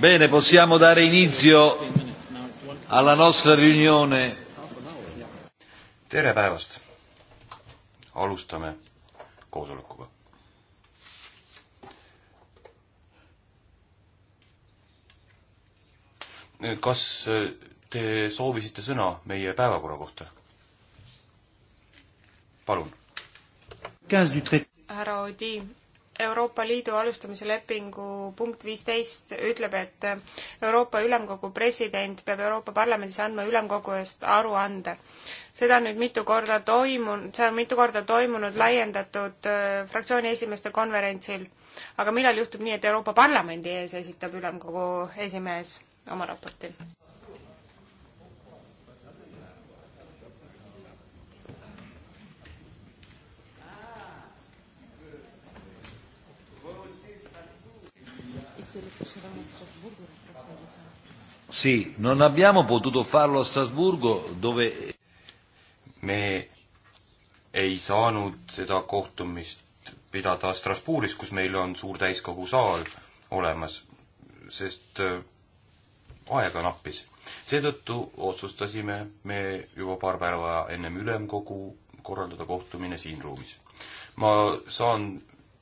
Bene, possiamo dare inizio alla nostra riunione. tere päevast! alustame koosolekuga. kas te soovisite sõna meie päevakorra kohta? palun. härra Odi, Euroopa Liidu alustamise lepingu punkt viisteist ütleb, et Euroopa Ülemkogu president peab Euroopa Parlamendis andma ülemkogu eest aruande. seda on nüüd mitu korda toimunud, see on mitu korda toimunud laiendatud äh, fraktsiooni esimeeste konverentsil. aga millal juhtub nii, et Euroopa Parlamendi ees esitab ülemkogu esimees oma raporti? Sì, non abbiamo potuto farlo a Strasburgo dove me ei saanud seda kohtumist pidada Strasbourgis, kus meil on suur täiskogu saal olemas, sest äh, aega nappis. seetõttu otsustasime me juba paar päeva ennem ülemkogu korraldada kohtumine siin ruumis. ma saan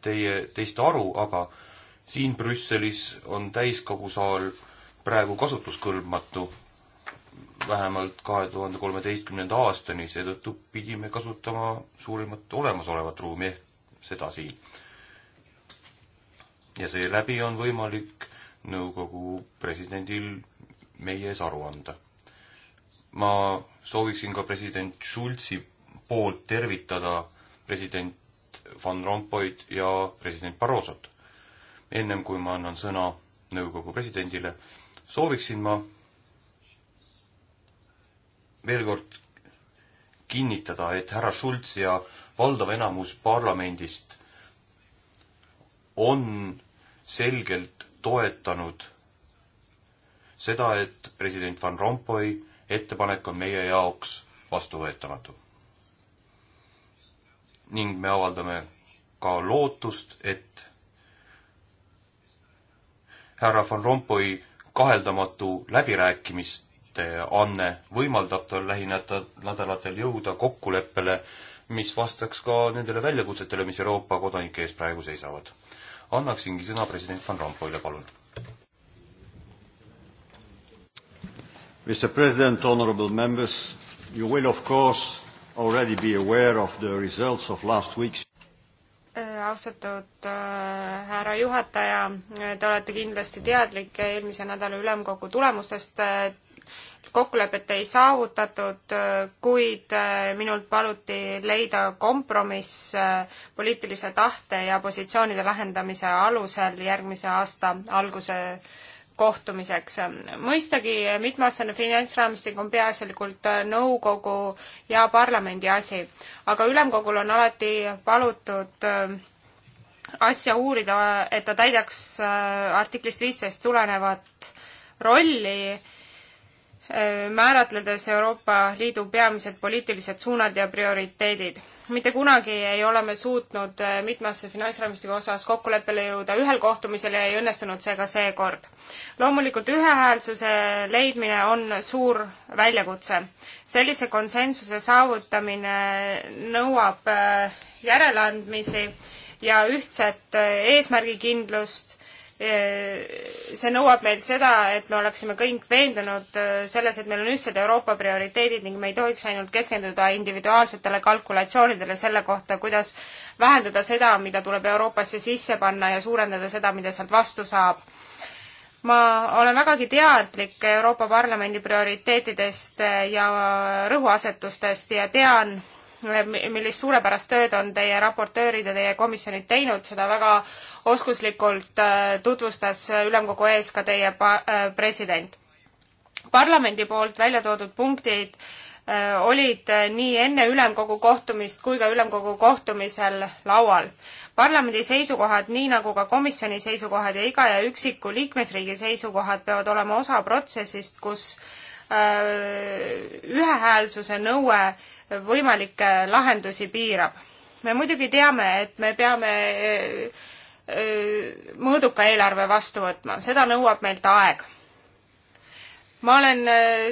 teie, teist aru, aga siin Brüsselis on täiskogu saal äh, praegu kasutuskõlbmatu, vähemalt kahe tuhande kolmeteistkümnenda aastani, seetõttu pidime kasutama suurimat olemasolevat ruumi ehk seda siin. ja seeläbi on võimalik nõukogu presidendil meie ees aru anda. ma sooviksin ka president Schulzi poolt tervitada president Van Rompuyd ja president Barrosot. ennem kui ma annan sõna nõukogu presidendile, sooviksin ma veel kord kinnitada, et härra Schulz ja valdav enamus parlamendist on selgelt toetanud seda, et president Van Rompuy ettepanek on meie jaoks vastuvõetamatu. ning me avaldame ka lootust, et härra Van Rompuy kaheldamatu läbirääkimiste anne võimaldab tal lähinädalatel jõuda kokkuleppele, mis vastaks ka nendele väljakutsetele, mis Euroopa kodanike ees praegu seisavad. annaksingi sõna president Van Rompuyle, palun. Mr President, honorable members, you will of course already be aware of the results of last week's Äh, austatud äh, härra juhataja, äh, te olete kindlasti teadlik eelmise nädala ülemkogu tulemustest. kokkulepet ei saavutatud, kuid minult paluti leida kompromiss poliitilise tahte ja positsioonide lähendamise alusel järgmise aasta alguse kohtumiseks. mõistagi mitmeaastane finantsraamistik on peaasjalikult nõukogu ja parlamendi asi aga ülemkogul on alati palutud äh, asja uurida, et ta täidaks äh, artiklist viisteist tulenevat rolli, äh, määratledes Euroopa Liidu peamised poliitilised suunad ja prioriteedid mitte kunagi ei ole me suutnud äh, mitmesse finantsraamistiku osas kokkuleppele jõuda ühel kohtumisel ja ei õnnestunud see ka seekord. loomulikult ühehäälsuse leidmine on suur väljakutse. sellise konsensuse saavutamine nõuab äh, järeleandmisi ja ühtset äh, eesmärgikindlust Eh, see nõuab meilt seda, et me oleksime kõik veendunud eh, selles, et meil on ühtsed Euroopa prioriteedid ning me ei tohiks ainult keskenduda individuaalsetele kalkulatsioonidele selle kohta, kuidas vähendada seda, mida tuleb Euroopasse sisse panna ja suurendada seda, mida sealt vastu saab ma olen vägagi teadlik Euroopa Parlamendi prioriteetidest eh, ja rõhuasetustest ja tean, millist suurepärast tööd on teie raportöörid ja teie komisjonid teinud, seda väga oskuslikult äh, tutvustas ülemkogu ees ka teie äh, president. parlamendi poolt välja toodud punktid äh, olid nii enne ülemkogu kohtumist kui ka ülemkogu kohtumisel laual. parlamendi seisukohad, nii nagu ka komisjoni seisukohad ja iga ja üksiku liikmesriigi seisukohad peavad olema osa protsessist, kus äh, Äh, ühehäälsuse nõue võimalikke lahendusi piirab. me muidugi teame, et me peame äh, äh, mõõduka eelarve vastu võtma, seda nõuab meilt aeg. ma olen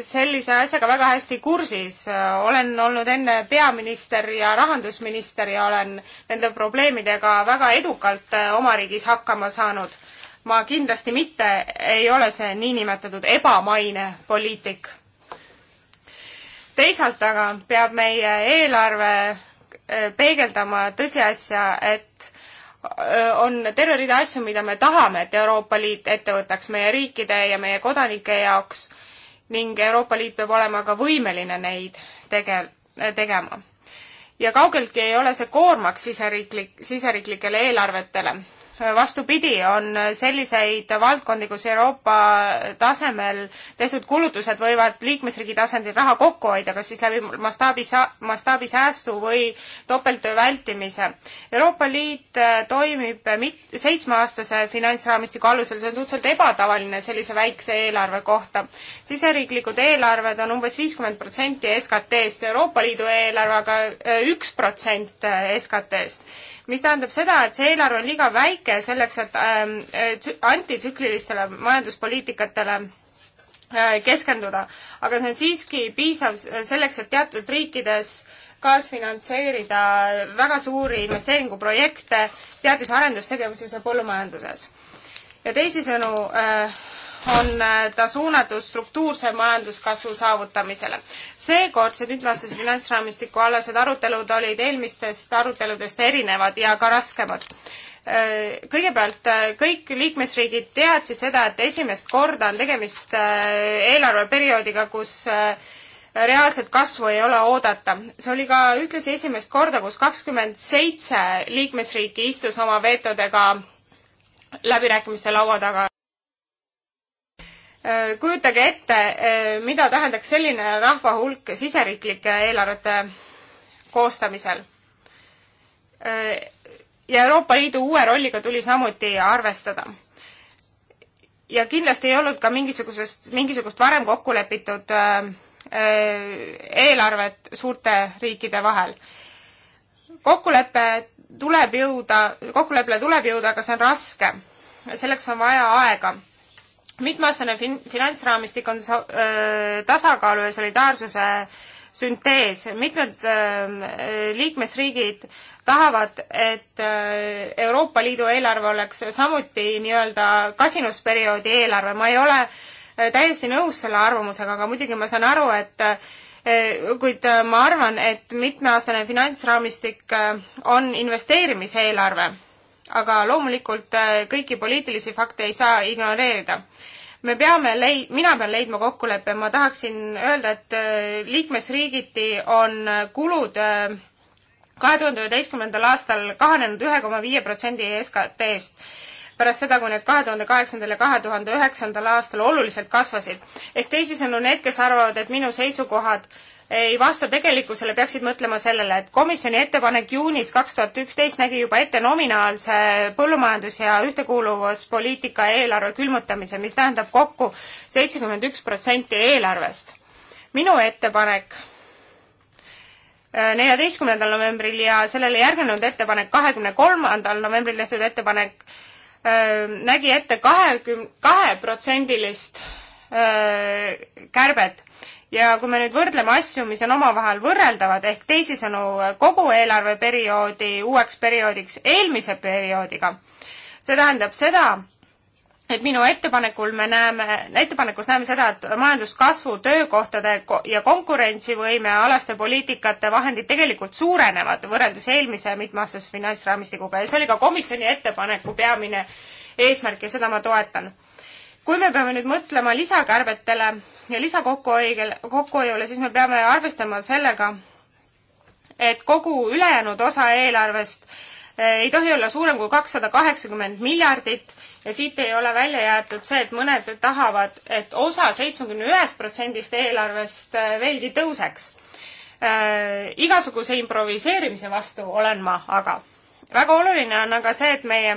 sellise asjaga väga hästi kursis, olen olnud enne peaminister ja rahandusminister ja olen nende probleemidega väga edukalt oma riigis hakkama saanud ma kindlasti mitte ei ole see niinimetatud ebamaine poliitik. teisalt aga peab meie eelarve äh, peegeldama tõsiasja, et äh, on terve rida asju, mida me tahame, et Euroopa Liit ette võtaks meie riikide ja meie kodanike jaoks ning Euroopa Liit peab olema ka võimeline neid tege-, tegema. ja kaugeltki ei ole see koormaks siseriiklik, siseriiklikele eelarvetele vastupidi, on selliseid valdkondi, kus Euroopa tasemel tehtud kulutused võivad liikmesriigi tasandil raha kokku hoida, kas siis läbi mastaabi, mastaabisäästu või topelttöö vältimise. Euroopa Liit äh, toimib mit-, seitsmeaastase finantsraamistiku alusel, see on suhteliselt ebatavaline sellise väikse eelarve kohta. siseriiklikud eelarved on umbes viiskümmend protsenti SKT-st, Euroopa Liidu eelarve aga äh, üks protsent äh, SKT-st, mis tähendab seda, et see eelarve on liiga väike, tõke selleks, et äh, antitsüklilistele majanduspoliitikatele äh, keskenduda. aga see on siiski piisav selleks, et teatud riikides kaasfinantseerida väga suuri investeeringuprojekte teadus- ja arendustegevuses ja põllumajanduses. ja teisisõnu äh, on äh, ta suunatud struktuurse majanduskasvu saavutamisele. seekordsed mitmeaastased finantsraamistiku alased arutelud olid eelmistest aruteludest erinevad ja ka raskemad. Äh, kõigepealt äh, kõik liikmesriigid teadsid seda, et esimest korda on tegemist äh, eelarveperioodiga, kus reaalset kasvu ei ole oodata. see oli ka ühtlasi esimest korda, kus kakskümmend seitse liikmesriiki istus oma veetodega läbirääkimiste laua taga. kujutage ette, mida tähendaks selline rahva hulk siseriiklike eelarvete koostamisel ja Euroopa Liidu uue rolliga tuli samuti arvestada. ja kindlasti ei olnud ka mingisugusest, mingisugust varem kokku lepitud äh, äh, eelarvet suurte riikide vahel. kokkulepe tuleb jõuda, kokkuleppele tuleb jõuda, aga see on raske. selleks on vaja aega. mitmeaastane fin-, finantsraamistik on so-, äh, tasakaalu ja solidaarsuse äh, süntees. mitmed äh, liikmesriigid tahavad, et äh, Euroopa Liidu eelarve oleks samuti nii-öelda kasinusperioodi eelarve. ma ei ole äh, täiesti nõus selle arvamusega, aga muidugi ma saan aru, et kuid ma arvan, et mitmeaastane finantsraamistik on investeerimiseelarve. aga loomulikult kõiki poliitilisi fakte ei saa ignoreerida me peame leid-, mina pean leidma kokkuleppe, ma tahaksin öelda, et äh, liikmesriigiti on äh, kulud äh, kahe tuhande üheteistkümnendal aastal kahanenud ühe koma viie protsendi SKT-st pärast seda, kui need kahe tuhande kaheksandal ja kahe tuhande üheksandal aastal oluliselt kasvasid. ehk teisisõnu, need, kes arvavad, et minu seisukohad ei vasta tegelikkusele, peaksid mõtlema sellele, et komisjoni ettepanek juunis kaks tuhat üksteist nägi juba ette nominaalse põllumajandus- ja ühtekuuluvuspoliitika eelarve külmutamise, mis tähendab kokku seitsekümmend üks protsenti eelarvest. minu ettepanek äh, neljateistkümnendal novembril ja sellele järgnenud ettepanek, kahekümne kolmandal novembril tehtud ettepanek nägi ette kahekümne, kaheprotsendilist kärbet ja kui me nüüd võrdleme asju, mis on omavahel võrreldavad, ehk teisisõnu kogu eelarveperioodi uueks perioodiks eelmise perioodiga, see tähendab seda, et minu ettepanekul me näeme, ettepanekus näeme seda, et majanduskasvu, töökohtade ja konkurentsivõime alaste poliitikate vahendid tegelikult suurenevad võrreldes eelmise mitmeaastase finantsraamistikuga ja see oli ka komisjoni ettepaneku peamine eesmärk ja seda ma toetan. kui me peame nüüd mõtlema lisakärbetele ja lisakokkuhoidjale, kokkuhoiule, siis me peame arvestama sellega, et kogu ülejäänud osa eelarvest Äh, ei tohi olla suurem kui kakssada kaheksakümmend miljardit ja siit ei ole välja jäetud see, et mõned tahavad, et osa seitsmekümne ühest protsendist eelarvest äh, veelgi tõuseks. Äh, igasuguse improviseerimise vastu olen ma aga. väga oluline on aga see, et meie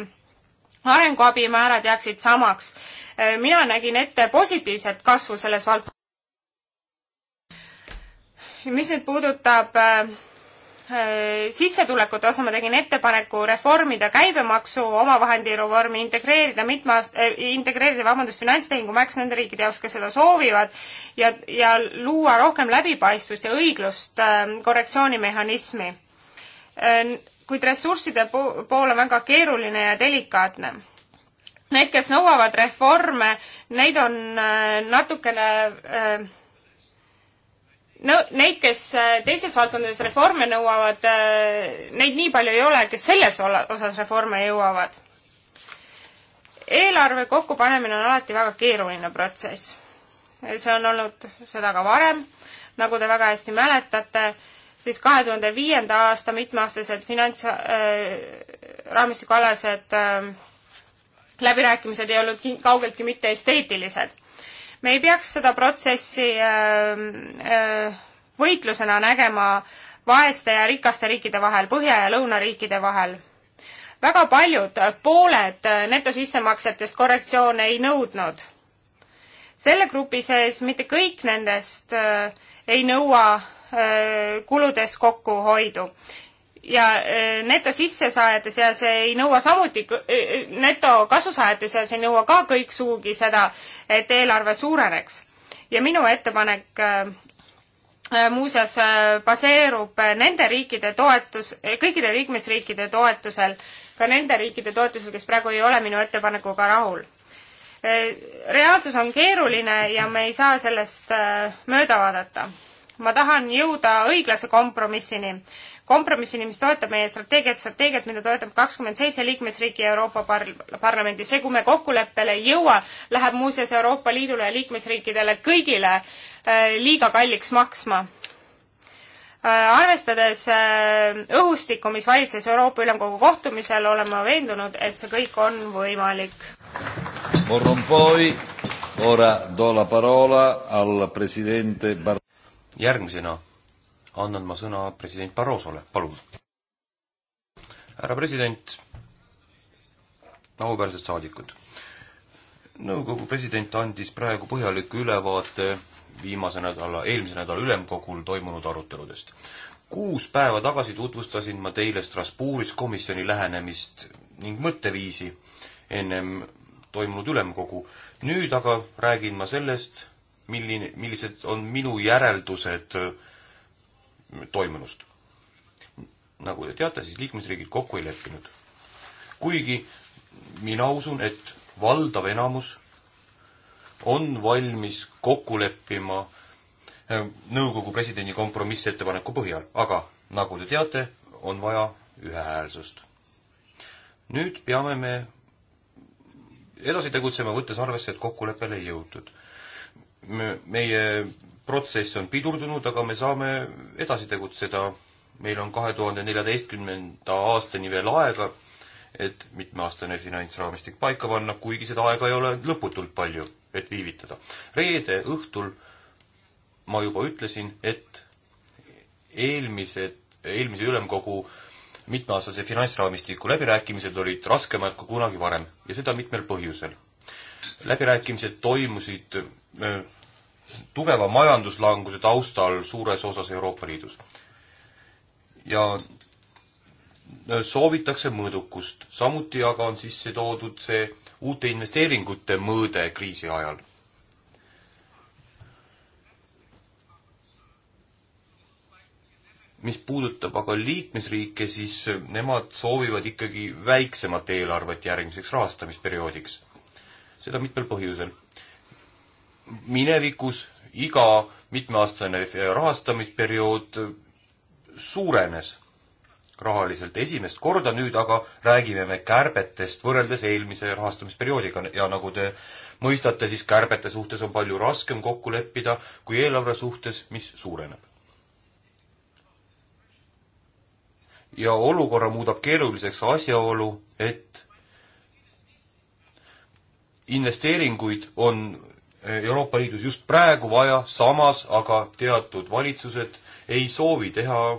arenguabimäärad jääksid samaks. mina nägin ette positiivset kasvu selles valdkonnas. mis nüüd puudutab äh, Äh, sissetulekute osa ma tegin ettepaneku reformida käibemaksu, omavahendi reformi, integreerida mitmeaast- äh,, integreerida, vabandust, finantstehingu märks nende riikide jaoks, kes seda soovivad ja, ja luua rohkem läbipaistvust ja õiglust äh, korrektsioonimehhanismi äh,. kuid ressursside po pool on väga keeruline ja delikaatne Need, kes nõuavad reforme, neid on äh, natukene äh, no neid, kes äh, teistes valdkondades reforme nõuavad, äh, neid nii palju ei ole, kes selles osas reforme jõuavad. eelarve kokkupanemine on alati väga keeruline protsess. see on olnud seda ka varem, nagu te väga hästi mäletate, siis kahe tuhande viienda aasta mitmeaastased finantsraamistikualased äh, äh, läbirääkimised ei olnud kaugeltki mitte esteetilised me ei peaks seda protsessi ähm, äh, võitlusena nägema vaeste ja rikaste riikide vahel, põhja- ja lõunariikide vahel. väga paljud, äh, pooled äh, netosissemaksetest korrektsioone ei nõudnud. selle grupi sees mitte kõik nendest ei nõua kuludes kokkuhoidu ja eh, netosissesaajate seas ei nõua samuti, eh, eh, netokasusaajate seas ei nõua ka kõik sugugi seda, et eelarve suureneks. ja minu ettepanek muuseas baseerub nende riikide toetus, kõikide liikmesriikide toetusel, ka nende riikide toetusel, kes praegu ei ole minu ettepanekuga rahul. reaalsus on keeruline ja me ei saa sellest mööda vaadata. ma tahan jõuda õiglase kompromissini kompromissini, mis toetab meie strateegiat, strateegiat, mida toetab kakskümmend seitse liikmesriiki Euroopa par-, parlamendi. see, kui me kokkuleppele ei jõua, läheb muuseas Euroopa Liidule ja liikmesriikidele kõigile äh, liiga kalliks maksma äh, arvestades äh, õhustikku, mis valitses Euroopa Ülemkogu kohtumisel, olen ma veendunud, et see kõik on võimalik. järgmisena annan ma sõna president Barrosole, palun. härra president, auväärsed saadikud, nõukogu president andis praegu põhjaliku ülevaate viimase nädala, eelmise nädala ülemkogul toimunud aruteludest. kuus päeva tagasi tutvustasin ma teile Strasbourgis komisjoni lähenemist ning mõtteviisi ennem toimunud ülemkogu. nüüd aga räägin ma sellest, milline, millised on minu järeldused äh, toimunust. nagu te teate, siis liikmesriigid kokku ei leppinud. kuigi mina usun, et valdav enamus on valmis kokku leppima eh, nõukogu presidendi kompromissettepaneku põhjal, aga nagu te teate, on vaja ühehäälsust. nüüd peame me edasi tegutsema, võttes arvesse, et kokkuleppele ei jõutud meie protsess on pidurdunud, aga me saame edasi tegutseda. meil on kahe tuhande neljateistkümnenda aastani veel aega, et mitmeaastane finantsraamistik paika panna, kuigi seda aega ei ole lõputult palju, et viivitada. reede õhtul ma juba ütlesin, et eelmised, eelmise ülemkogu mitmeaastase finantsraamistiku läbirääkimised olid raskemad kui kunagi varem ja seda mitmel põhjusel. läbirääkimised toimusid öö, tugeva majanduslanguse taustal suures osas Euroopa Liidus. ja äh, soovitakse mõõdukust, samuti aga on sisse toodud see uute investeeringute mõõde kriisi ajal. mis puudutab aga liikmesriike, siis nemad soovivad ikkagi väiksemat eelarvet järgmiseks rahastamisperioodiks. seda mitmel põhjusel minevikus iga mitmeaastane rahastamisperiood suurenes rahaliselt esimest korda, nüüd aga räägime me kärbetest võrreldes eelmise rahastamisperioodiga ja nagu te mõistate, siis kärbete suhtes on palju raskem kokku leppida kui eelarve suhtes, mis suureneb. ja olukorra muudab keeruliseks asjaolu, et investeeringuid on Eh, Euroopa Liidus just praegu vaja, samas aga teatud valitsused ei soovi teha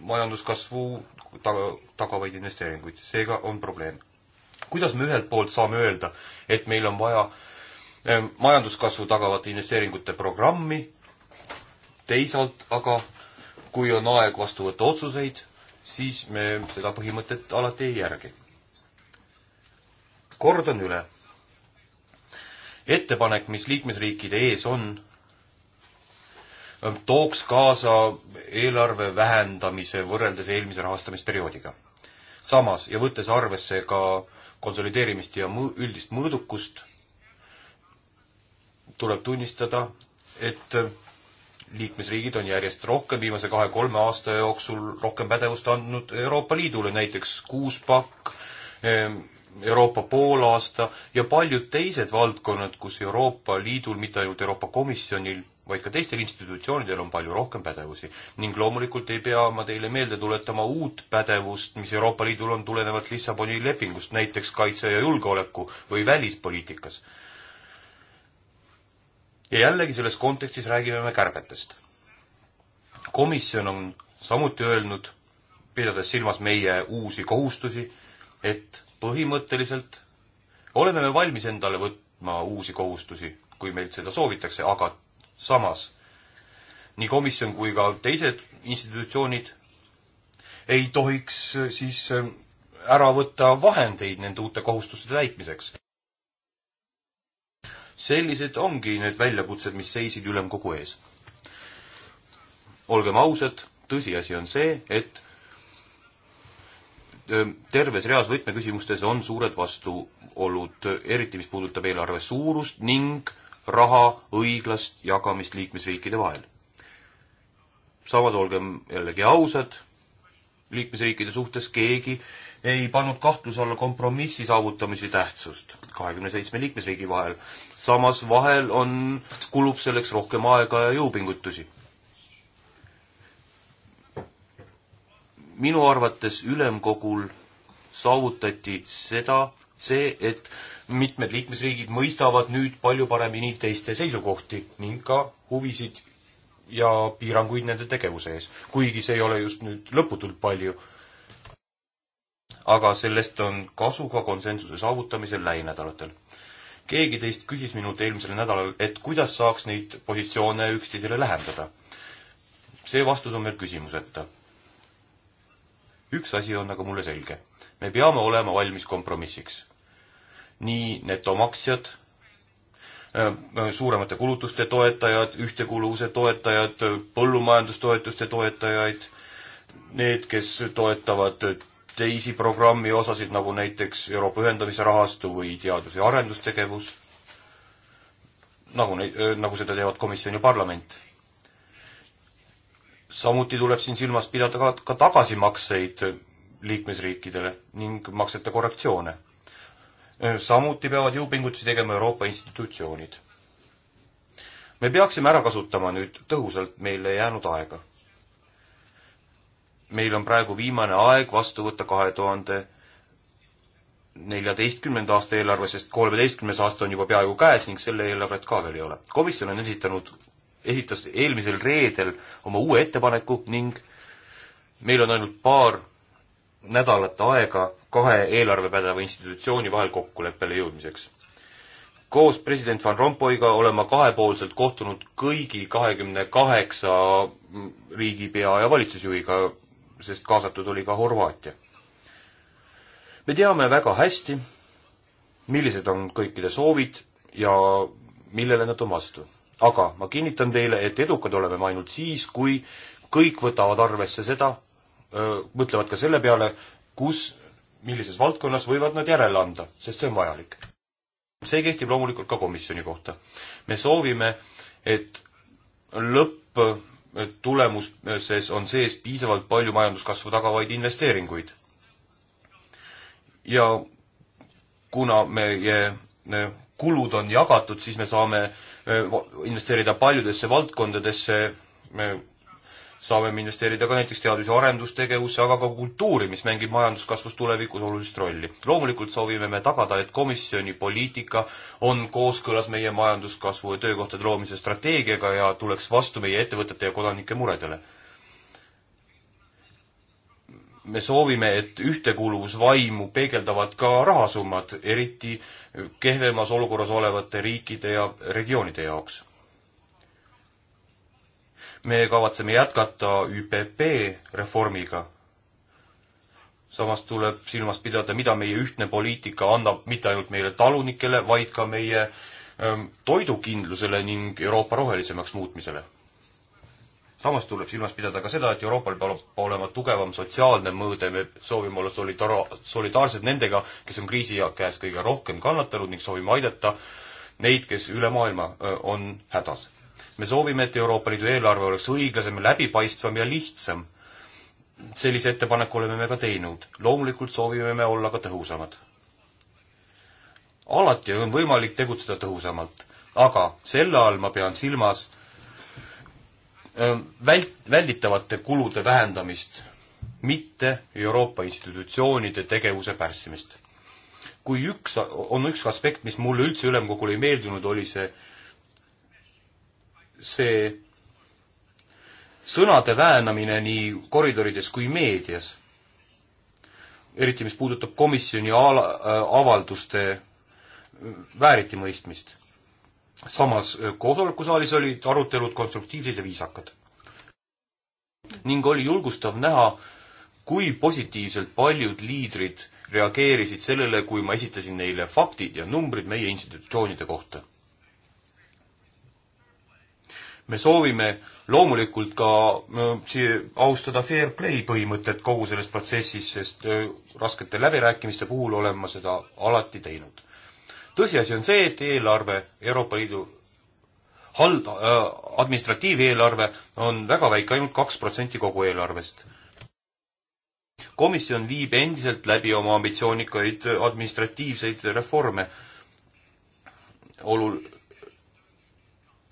majanduskasvu taga, tagavaid investeeringuid, seega on probleem. kuidas me ühelt poolt saame öelda, et meil on vaja eh, majanduskasvu tagavate investeeringute programmi, teisalt aga kui on aeg vastu võtta otsuseid, siis me seda põhimõtet alati ei järgi. kordan üle ettepanek, mis liikmesriikide ees on, ähm, tooks kaasa eelarve vähendamise võrreldes eelmise rahastamisperioodiga. samas, ja võttes arvesse ka konsolideerimist ja mõ-, üldist mõõdukust, tuleb tunnistada, et äh, liikmesriigid on järjest rohkem viimase kahe-kolme aasta jooksul rohkem pädevust andnud Euroopa Liidule, näiteks kuus pakk ähm, Euroopa poolaasta ja paljud teised valdkonnad, kus Euroopa Liidul, mitte ainult Euroopa Komisjonil, vaid ka teistel institutsioonidel on palju rohkem pädevusi. ning loomulikult ei pea ma teile meelde tuletama uut pädevust, mis Euroopa Liidul on tulenevalt Lissaboni lepingust, näiteks kaitse ja julgeoleku või välispoliitikas. ja jällegi selles kontekstis räägime me kärbetest. komisjon on samuti öelnud, pidades silmas meie uusi kohustusi, et põhimõtteliselt oleme me valmis endale võtma uusi kohustusi, kui meilt seda soovitakse, aga samas nii komisjon kui ka teised institutsioonid ei tohiks siis ähm, ära võtta vahendeid nende uute kohustuste täitmiseks. sellised ongi need väljakutsed, mis seisid ülemkogu ees. olgem ausad, tõsiasi on see, et Ehm, terves reas võtmeküsimustes on suured vastuolud, eriti mis puudutab eelarve suurust ning raha õiglast jagamist liikmesriikide vahel. samas olgem jällegi ausad, liikmesriikide suhtes keegi ei pannud kahtluse alla kompromissi saavutamise tähtsust kahekümne seitsme liikmesriigi vahel. samas vahel on, kulub selleks rohkem aega ja jõupingutusi minu arvates ülemkogul saavutati seda, see, et mitmed liikmesriigid mõistavad nüüd palju paremini teiste seisukohti ning ka huvisid ja piiranguid nende tegevuse ees, kuigi see ei ole just nüüd lõputult palju. aga sellest on kasu ka konsensuse saavutamisel lähinädalatel. keegi teist küsis minult eelmisel nädalal, et kuidas saaks neid positsioone üksteisele lähendada. see vastus on veel küsimuseta üks asi on aga mulle selge. me peame olema valmis kompromissiks. nii netomaksjad, äh, äh, suuremate kulutuste toetajad, ühtekuuluvuse toetajad, äh, põllumajandustoetuste toetajaid, need, kes toetavad teisi programmi osasid, nagu näiteks Euroopa ühendamise rahastu või teadus- ja arendustegevus, nagu neid, nagu seda teevad komisjon ja parlament samuti tuleb siin silmas pidada ka, ka tagasimakseid liikmesriikidele ning maksete korrektsioone. Äh, samuti peavad jõupingutusi tegema Euroopa institutsioonid. me peaksime ära kasutama nüüd tõhusalt meile jäänud aega. meil on praegu viimane aeg vastu võtta kahe tuhande neljateistkümnenda aasta eelarve, sest kolmeteistkümnes aasta on juba peaaegu käes ning selle eelarvet ka veel ei ole. komisjon on esitanud esitas eelmisel reedel oma uue ettepaneku ning meil on ainult paar nädalat aega kahe eelarvepädeva institutsiooni vahel kokkuleppele jõudmiseks. koos president Van Rompuyga olen ma kahepoolselt kohtunud kõigi kahekümne kaheksa riigipea ja valitsusjuhiga, sest kaasatud oli ka Horvaatia. me teame väga hästi, millised on kõikide soovid ja millele nad on vastu aga ma kinnitan teile, et edukad oleme me ainult siis, kui kõik võtavad arvesse seda, mõtlevad ka selle peale, kus, millises valdkonnas võivad nad järele anda, sest see on vajalik. see kehtib loomulikult ka komisjoni kohta. me soovime, et lõpptulemuses on sees piisavalt palju majanduskasvu tagavaid investeeringuid. ja kuna meie kulud on jagatud, siis me saame investeerida paljudesse valdkondadesse, me saame investeerida ka näiteks teadus- ja arendustegevusse, aga ka kultuuri, mis mängib majanduskasvus tulevikus olulist rolli. loomulikult soovime me tagada, et komisjoni poliitika on kooskõlas meie majanduskasvu ja töökohtade loomise strateegiaga ja tuleks vastu meie ettevõtete ja kodanike muredele me soovime, et ühtekuuluvusvaimu peegeldavad ka rahasummad, eriti kehvemas olukorras olevate riikide ja regioonide jaoks. me kavatseme jätkata ÜPP reformiga. samas tuleb silmas pidada, mida meie ühtne poliitika annab mitte ainult meile talunikele, vaid ka meie ähm, toidukindlusele ning Euroopa rohelisemaks muutmisele samas tuleb silmas pidada ka seda, et Euroopal peab olema tugevam sotsiaalne mõõde, me soovime olla solidar-, solidaarsed nendega, kes on kriisi käes kõige rohkem kannatanud ning soovime aidata neid, kes üle maailma on hädas. me soovime, et Euroopa Liidu eelarve oleks õiglasem, läbipaistvam ja lihtsam. sellise ettepaneku oleme me ka teinud. loomulikult soovime me olla ka tõhusamad. alati on võimalik tegutseda tõhusamalt, aga selle all ma pean silmas vält-, välditavate kulude vähendamist, mitte Euroopa institutsioonide tegevuse pärssimist. kui üks, on üks aspekt, mis mulle üldse ülemkogul ei meeldinud, oli see, see sõnade väänamine nii koridorides kui meedias. eriti, mis puudutab komisjoni ala, avalduste vääritimõistmist samas eh, koosolekusaalis olid arutelud konstruktiivsed ja viisakad. ning oli julgustav näha, kui positiivselt paljud liidrid reageerisid sellele, kui ma esitasin neile faktid ja numbrid meie institutsioonide kohta. me soovime loomulikult ka eh, austada fair play põhimõtet kogu selles protsessis, sest eh, raskete läbirääkimiste puhul olen ma seda alati teinud tõsiasi on see, et eelarve, Euroopa Liidu hald- äh,, administratiiveelarve on väga väike, ainult kaks protsenti kogu eelarvest. komisjon viib endiselt läbi oma ambitsioonikaid administratiivseid reforme olul-,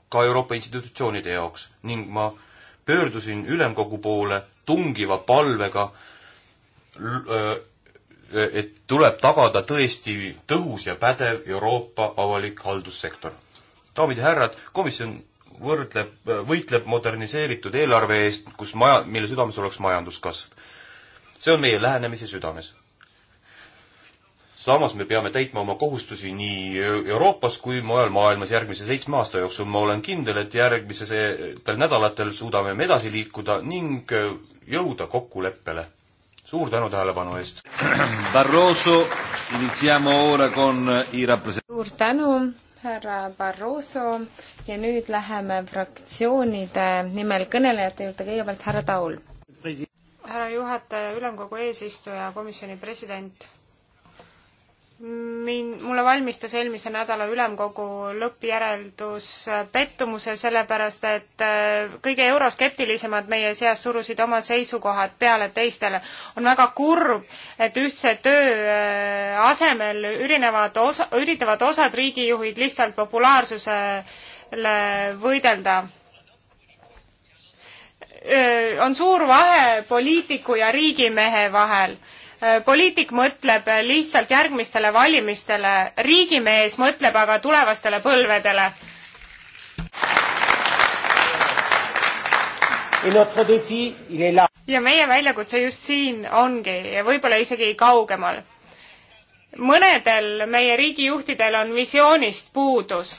ka Euroopa institutsioonide jaoks ning ma pöördusin ülemkogu poole tungiva palvega öö, äh, et tuleb tagada tõesti tõhus ja pädev Euroopa avalik haldussektor. daamid ja härrad, komisjon võrdleb, võitleb moderniseeritud eelarve eest, kus maja, mille südames oleks majanduskasv. see on meie lähenemise südames. samas me peame täitma oma kohustusi nii Euroopas kui mujal maailmas järgmise seitsme aasta jooksul. ma olen kindel, et järgmises nädalatel suudame me edasi liikuda ning jõuda kokkuleppele suur tänu tähelepanu eest! Barroso, initsiamo ora con i rappresent-. suur tänu, härra Barroso ja nüüd läheme fraktsioonide nimel kõnelejate juurde, kõigepealt härra Taul. härra juhataja, ülemkogu eesistuja, komisjoni president, min-, mulle valmistas eelmise nädala ülemkogu lõppjäreldus äh, pettumuse, sellepärast et äh, kõige euroskeptilisemad meie seas surusid oma seisukohad peale teistele. on väga kurb, et ühtse töö äh, asemel ürinevad osa, üritavad osad riigijuhid lihtsalt populaarsusele võidelda on suur vahe poliitiku ja riigimehe vahel Äh, poliitik mõtleb lihtsalt järgmistele valimistele, riigimees mõtleb aga tulevastele põlvedele. ja meie väljakutse just siin ongi ja võib-olla isegi kaugemal. mõnedel meie riigijuhtidel on visioonist puudus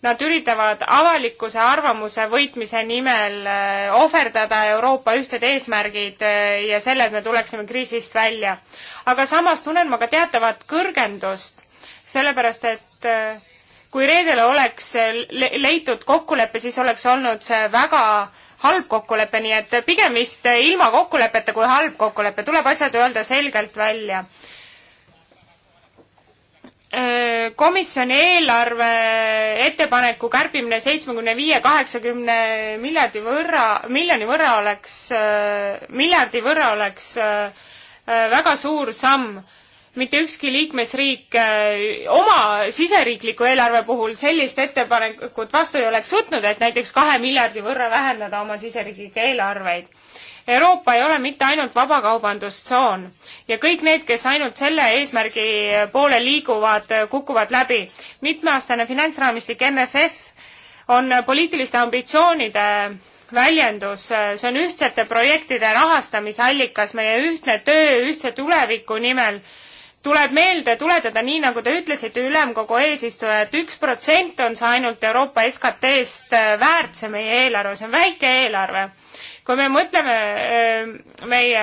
nad üritavad avalikkuse arvamuse võitmise nimel äh, ohverdada Euroopa ühtsed eesmärgid äh, ja selle, et me tuleksime kriisist välja. aga samas tunnen ma ka teatavat kõrgendust, sellepärast et äh, kui reedel oleks leitud kokkulepe, siis oleks olnud see väga halb kokkulepe, nii et pigem vist ilma kokkuleppeta kui halb kokkulepe, tuleb asjad öelda selgelt välja Äh, komisjoni eelarve ettepaneku kärbimine seitsmekümne viie, kaheksakümne miljardi võrra, miljoni võrra oleks, äh, miljardi võrra oleks äh, väga suur samm. mitte ükski liikmesriik oma siseriikliku eelarve puhul sellist ettepanekut vastu ei oleks võtnud, et näiteks kahe miljardi võrra vähendada oma siseriiklikke eelarveid. Euroopa ei ole mitte ainult vabakaubandustsoon ja kõik need, kes ainult selle eesmärgi poole liiguvad, kukuvad läbi. mitmeaastane finantsraamistik MFF on poliitiliste ambitsioonide väljendus, see on ühtsete projektide rahastamise allikas, meie ühtne töö ühtse tuleviku nimel tuleb meelde tuletada, nii nagu te ütlesite, ülemkogu eesistuja, et üks protsent on see ainult Euroopa SKT-st äh, väärt, see meie eelarve, see on väike eelarve. kui me mõtleme äh, meie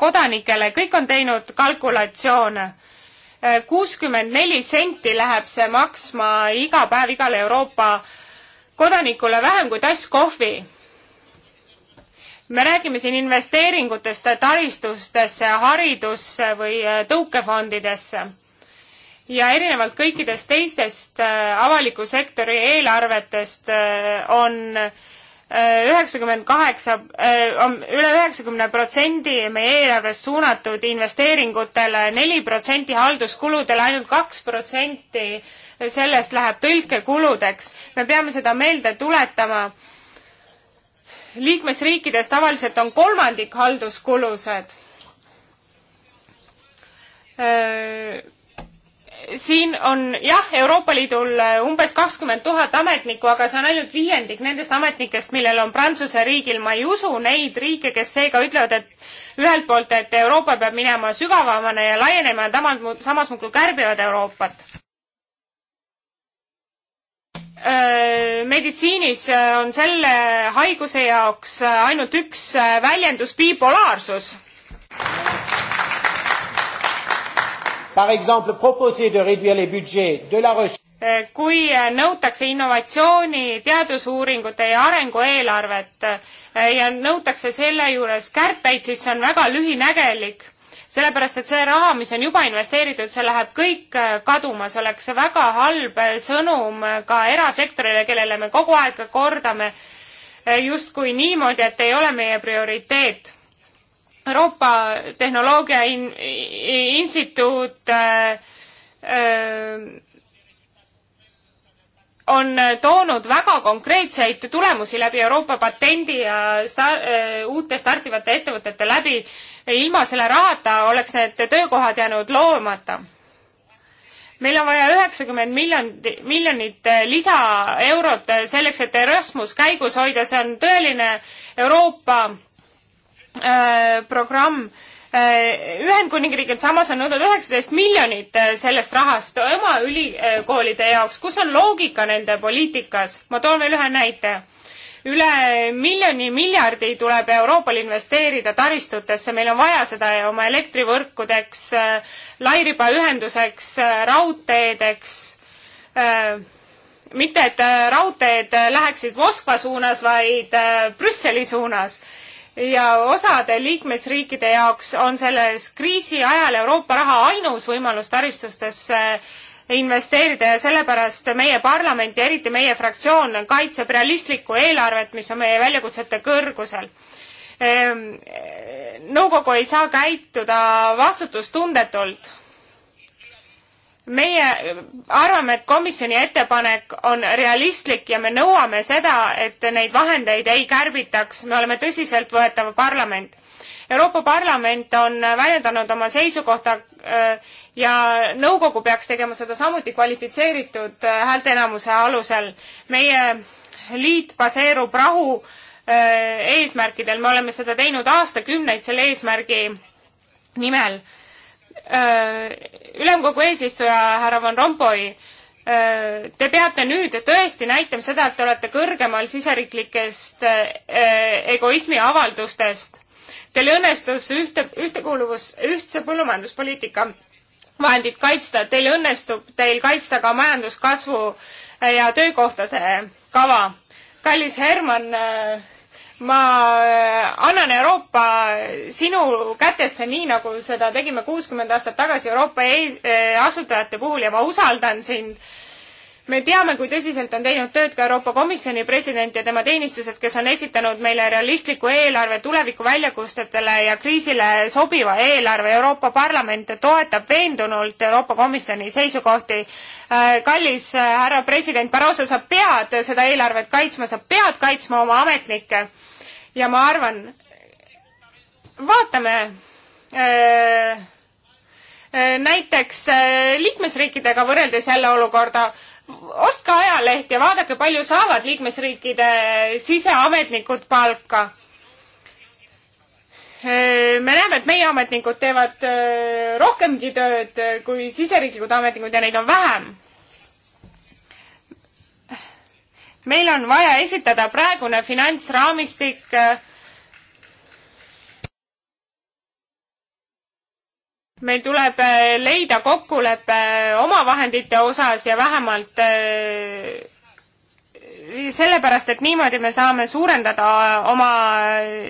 kodanikele, kõik on teinud kalkulatsioone, äh, kuuskümmend neli senti läheb see maksma iga päev igale Euroopa kodanikule vähem kui tass kohvi me räägime siin investeeringutest taristustesse, haridusse või äh, tõukefondidesse. ja erinevalt kõikidest teistest äh, avaliku sektori eelarvetest äh, on üheksakümmend kaheksa, on üle üheksakümne protsendi meie eelarvest suunatud investeeringutele, neli protsenti halduskuludele, ainult kaks protsenti sellest läheb tõlkekuludeks. me peame seda meelde tuletama liikmesriikides tavaliselt on kolmandik halduskulusid. Äh, siin on jah, Euroopa Liidul äh, umbes kakskümmend tuhat ametnikku, aga see on ainult viiendik nendest ametnikest, millel on Prantsuse riigil, ma ei usu neid riike, kes seega ütlevad, et ühelt poolt, et Euroopa peab minema sügavamale ja laienema ja tamalt, samas muudkui kärbivad Euroopat Äh, meditsiinis äh, on selle haiguse jaoks äh, ainult üks väljendus, bipolaarsus. Par exemple, proposer de réduire les budgets de la recherche kui nõutakse innovatsiooni, teadusuuringute ja arengu eelarvet ja nõutakse selle juures kärpeid, siis see on väga lühinägelik sellepärast, et see raha, mis on juba investeeritud, see läheb kõik äh, kaduma, see oleks väga halb äh, sõnum äh, ka erasektorile, kellele me kogu aeg kordame justkui niimoodi, et ei ole meie prioriteet. Euroopa Tehnoloogia in-, Instituut äh, äh, on äh, toonud väga konkreetseid tulemusi läbi Euroopa patendi ja star äh, uute startivate ettevõtete läbi. ilma selle rahata oleks need töökohad jäänud loomata. meil on vaja üheksakümmend miljonit, miljonit äh, lisaeurot selleks, et Erasmus käigus hoida, see on tõeline Euroopa äh, programm Äh, Ühendkuningriigilt samas on nõudnud üheksateist miljonit äh, sellest rahast oma ülikoolide jaoks. kus on loogika nende poliitikas? ma toon veel ühe näite. üle miljoni miljardi tuleb Euroopal investeerida taristutesse, meil on vaja seda oma elektrivõrkudeks, äh, lairibaühenduseks, raudteedeks mitte, et raudteed läheksid Moskva suunas, vaid Brüsseli suunas ja osade liikmesriikide jaoks on selles kriisi ajal Euroopa raha ainus võimalus taristustesse investeerida ja sellepärast meie parlament ja eriti meie fraktsioon kaitseb realistlikku eelarvet, mis on meie väljakutsete kõrgusel. Ehm, nõukogu ei saa käituda vastutustundetult meie arvame, et komisjoni ettepanek on realistlik ja me nõuame seda, et neid vahendeid ei kärbitaks, me oleme tõsiseltvõetav parlament. Euroopa Parlament on väljendanud oma seisukohta äh, ja nõukogu peaks tegema seda samuti kvalifitseeritud äh, häälteenamuse alusel. meie liit baseerub rahu äh, eesmärkidel, me oleme seda teinud aastakümneid selle eesmärgi nimel Äh, ülemkogu eesistuja härra Van Rompuy, äh, te peate nüüd tõesti näitama seda, et te olete kõrgemal siseriiklikest äh, egoismi avaldustest. Teil õnnestus ühte, ühtekuuluvus, ühtse põllumajanduspoliitika vahendid kaitsta, teil õnnestub teil kaitsta ka majanduskasvu ja töökohtade kava. kallis Herman, ma äh, annan Euroopa sinu kätesse, nii nagu seda tegime kuuskümmend aastat tagasi Euroopa e-, äh, asutajate puhul ja ma usaldan sind. me teame, kui tõsiselt on teinud tööd ka Euroopa Komisjoni president ja tema teenistused, kes on esitanud meile realistliku eelarve tuleviku väljakutsetele ja kriisile sobiva eelarve. Euroopa Parlament toetab veendunult Euroopa Komisjoni seisukohti äh, kallis härra president Barroso, sa pead seda eelarvet kaitsma, sa pead kaitsma oma ametnikke ja ma arvan, vaatame äh, äh, näiteks äh, liikmesriikidega võrreldes jälle olukorda, ostke ajaleht ja vaadake, palju saavad liikmesriikide siseametnikud palka. me näeme, et meie ametnikud teevad rohkemgi tööd kui siseriiklikud ametnikud ja neid on vähem meil on vaja esitada praegune finantsraamistik äh, meil tuleb äh, leida kokkulepe omavahendite osas ja vähemalt äh, sellepärast, et niimoodi me saame suurendada oma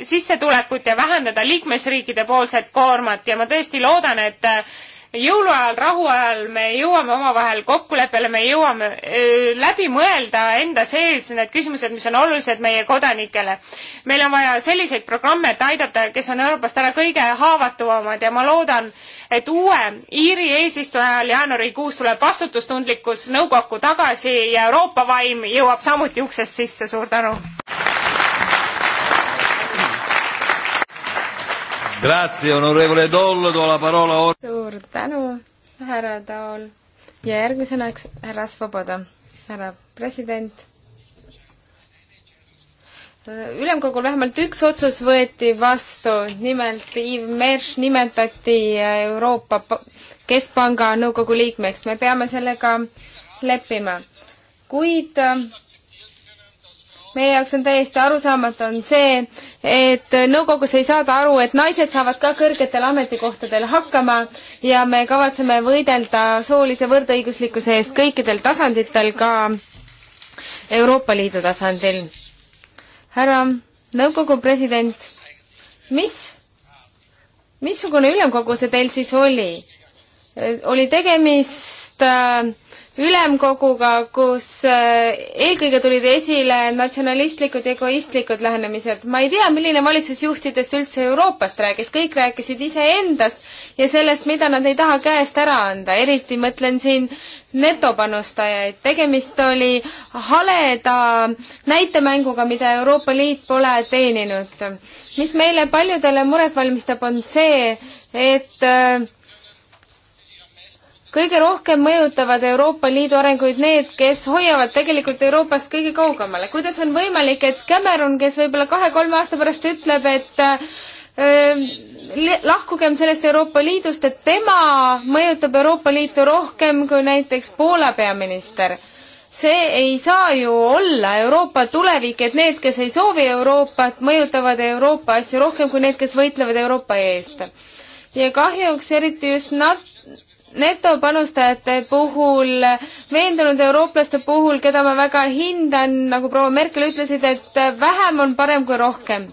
sissetulekut ja vähendada liikmesriikide poolset koormat ja ma tõesti loodan, et jõuluajal, rahuajal me jõuame omavahel kokkuleppele, me jõuame öö, läbi mõelda enda sees need küsimused, mis on olulised meie kodanikele. meil on vaja selliseid programme, et aidata, kes on Euroopast ära kõige haavatavamad ja ma loodan, et uue Iiri eesistuja ajal jaanuarikuus tuleb vastutustundlikkus nõukokku tagasi ja Euroopa vaim jõuab samuti uksest sisse, suur tänu! Grazie, onorevole Doll, too la parola. suur tänu, härra Doll. ja järgmisena härra Svoboda, härra president. ülemkogul vähemalt üks otsus võeti vastu, nimelt Yves Mersch nimetati Euroopa Keskpanga nõukogu liikmeks. me peame sellega leppima. kuid meie jaoks on täiesti arusaamatu, on see, et nõukogus ei saada aru, et naised saavad ka kõrgetel ametikohtadel hakkama ja me kavatseme võidelda soolise võrdõiguslikkuse eest kõikidel tasanditel, ka Euroopa Liidu tasandil. härra nõukogu president, mis, missugune ülemkogu see teil siis oli? oli tegemist äh, ülemkoguga, kus äh, eelkõige tulid esile natsionalistlikud ja egoistlikud lähenemised. ma ei tea, milline valitsusjuhtidest üldse Euroopast rääkis, kõik rääkisid iseendast ja sellest, mida nad ei taha käest ära anda, eriti mõtlen siin netopanustajaid. tegemist oli haleda näitemänguga, mida Euroopa Liit pole teeninud. mis meile paljudele muret valmistab, on see, et äh, kõige rohkem mõjutavad Euroopa Liidu arenguid need, kes hoiavad tegelikult Euroopast kõige kaugemale. kuidas on võimalik, et Cameron, kes võib-olla kahe-kolme aasta pärast ütleb, et äh, lahkugem sellest Euroopa Liidust, et tema mõjutab Euroopa Liitu rohkem kui näiteks Poola peaminister. see ei saa ju olla Euroopa tulevik, et need, kes ei soovi Euroopat, mõjutavad Euroopa asju rohkem kui need, kes võitlevad Euroopa eest ja kahjuks eriti just nat-, netopanustajate puhul, veendunud eurooplaste puhul, keda ma väga hindan, nagu proua Merkel ütlesid, et vähem on parem kui rohkem.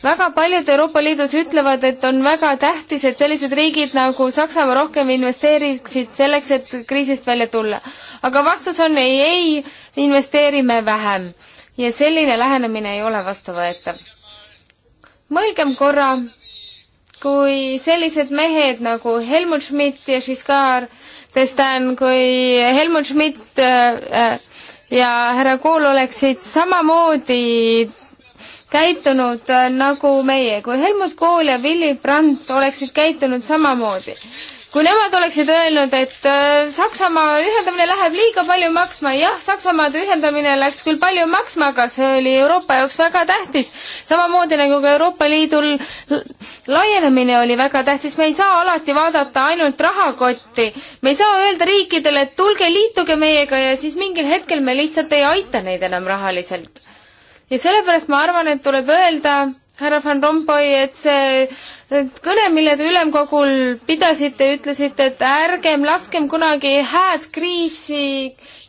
väga paljud Euroopa Liidus ütlevad, et on väga tähtis, et sellised riigid nagu Saksamaa rohkem investeeriksid selleks, et kriisist välja tulla. aga vastus on ei, ei, investeerime vähem. ja selline lähenemine ei ole vastuvõetav. mõelgem korra kui sellised mehed nagu Helmut Schmidt ja Giscard d'Estaing, kui Helmut Schmidt äh, äh, ja härra Kool oleksid samamoodi käitunud äh, nagu meie, kui Helmut Kool ja Willy Brandt oleksid käitunud samamoodi, kui nemad oleksid öelnud, et äh, Saksamaa ühendamine läheb liiga palju maksma, jah, Saksamaade ühendamine läks küll palju maksma, aga see oli Euroopa jaoks väga tähtis. samamoodi nagu ka Euroopa Liidul laienemine oli väga tähtis, me ei saa alati vaadata ainult rahakotti. me ei saa öelda riikidele, et tulge liituge meiega ja siis mingil hetkel me lihtsalt ei aita neid enam rahaliselt. ja sellepärast ma arvan, et tuleb öelda, härra Van Rompuy, et see et kõne, mille te ülemkogul pidasite, ütlesite, et ärgem laskem kunagi hääd kriisi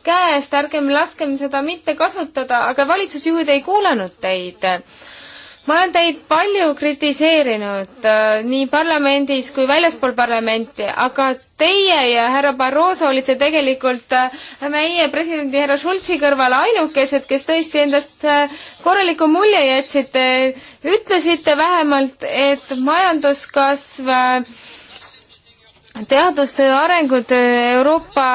käest, ärgem laskem seda mitte kasutada, aga valitsusjuhid ei kuulanud teid ma olen teid palju kritiseerinud äh, nii parlamendis kui väljaspool parlamenti, aga teie ja härra Barroso olite tegelikult äh, meie presidendi härra Schulzi kõrval ainukesed, kes tõesti endast äh, korraliku mulje jätsid. ütlesite vähemalt, et majanduskasv teadustöö arengutöö Euroopa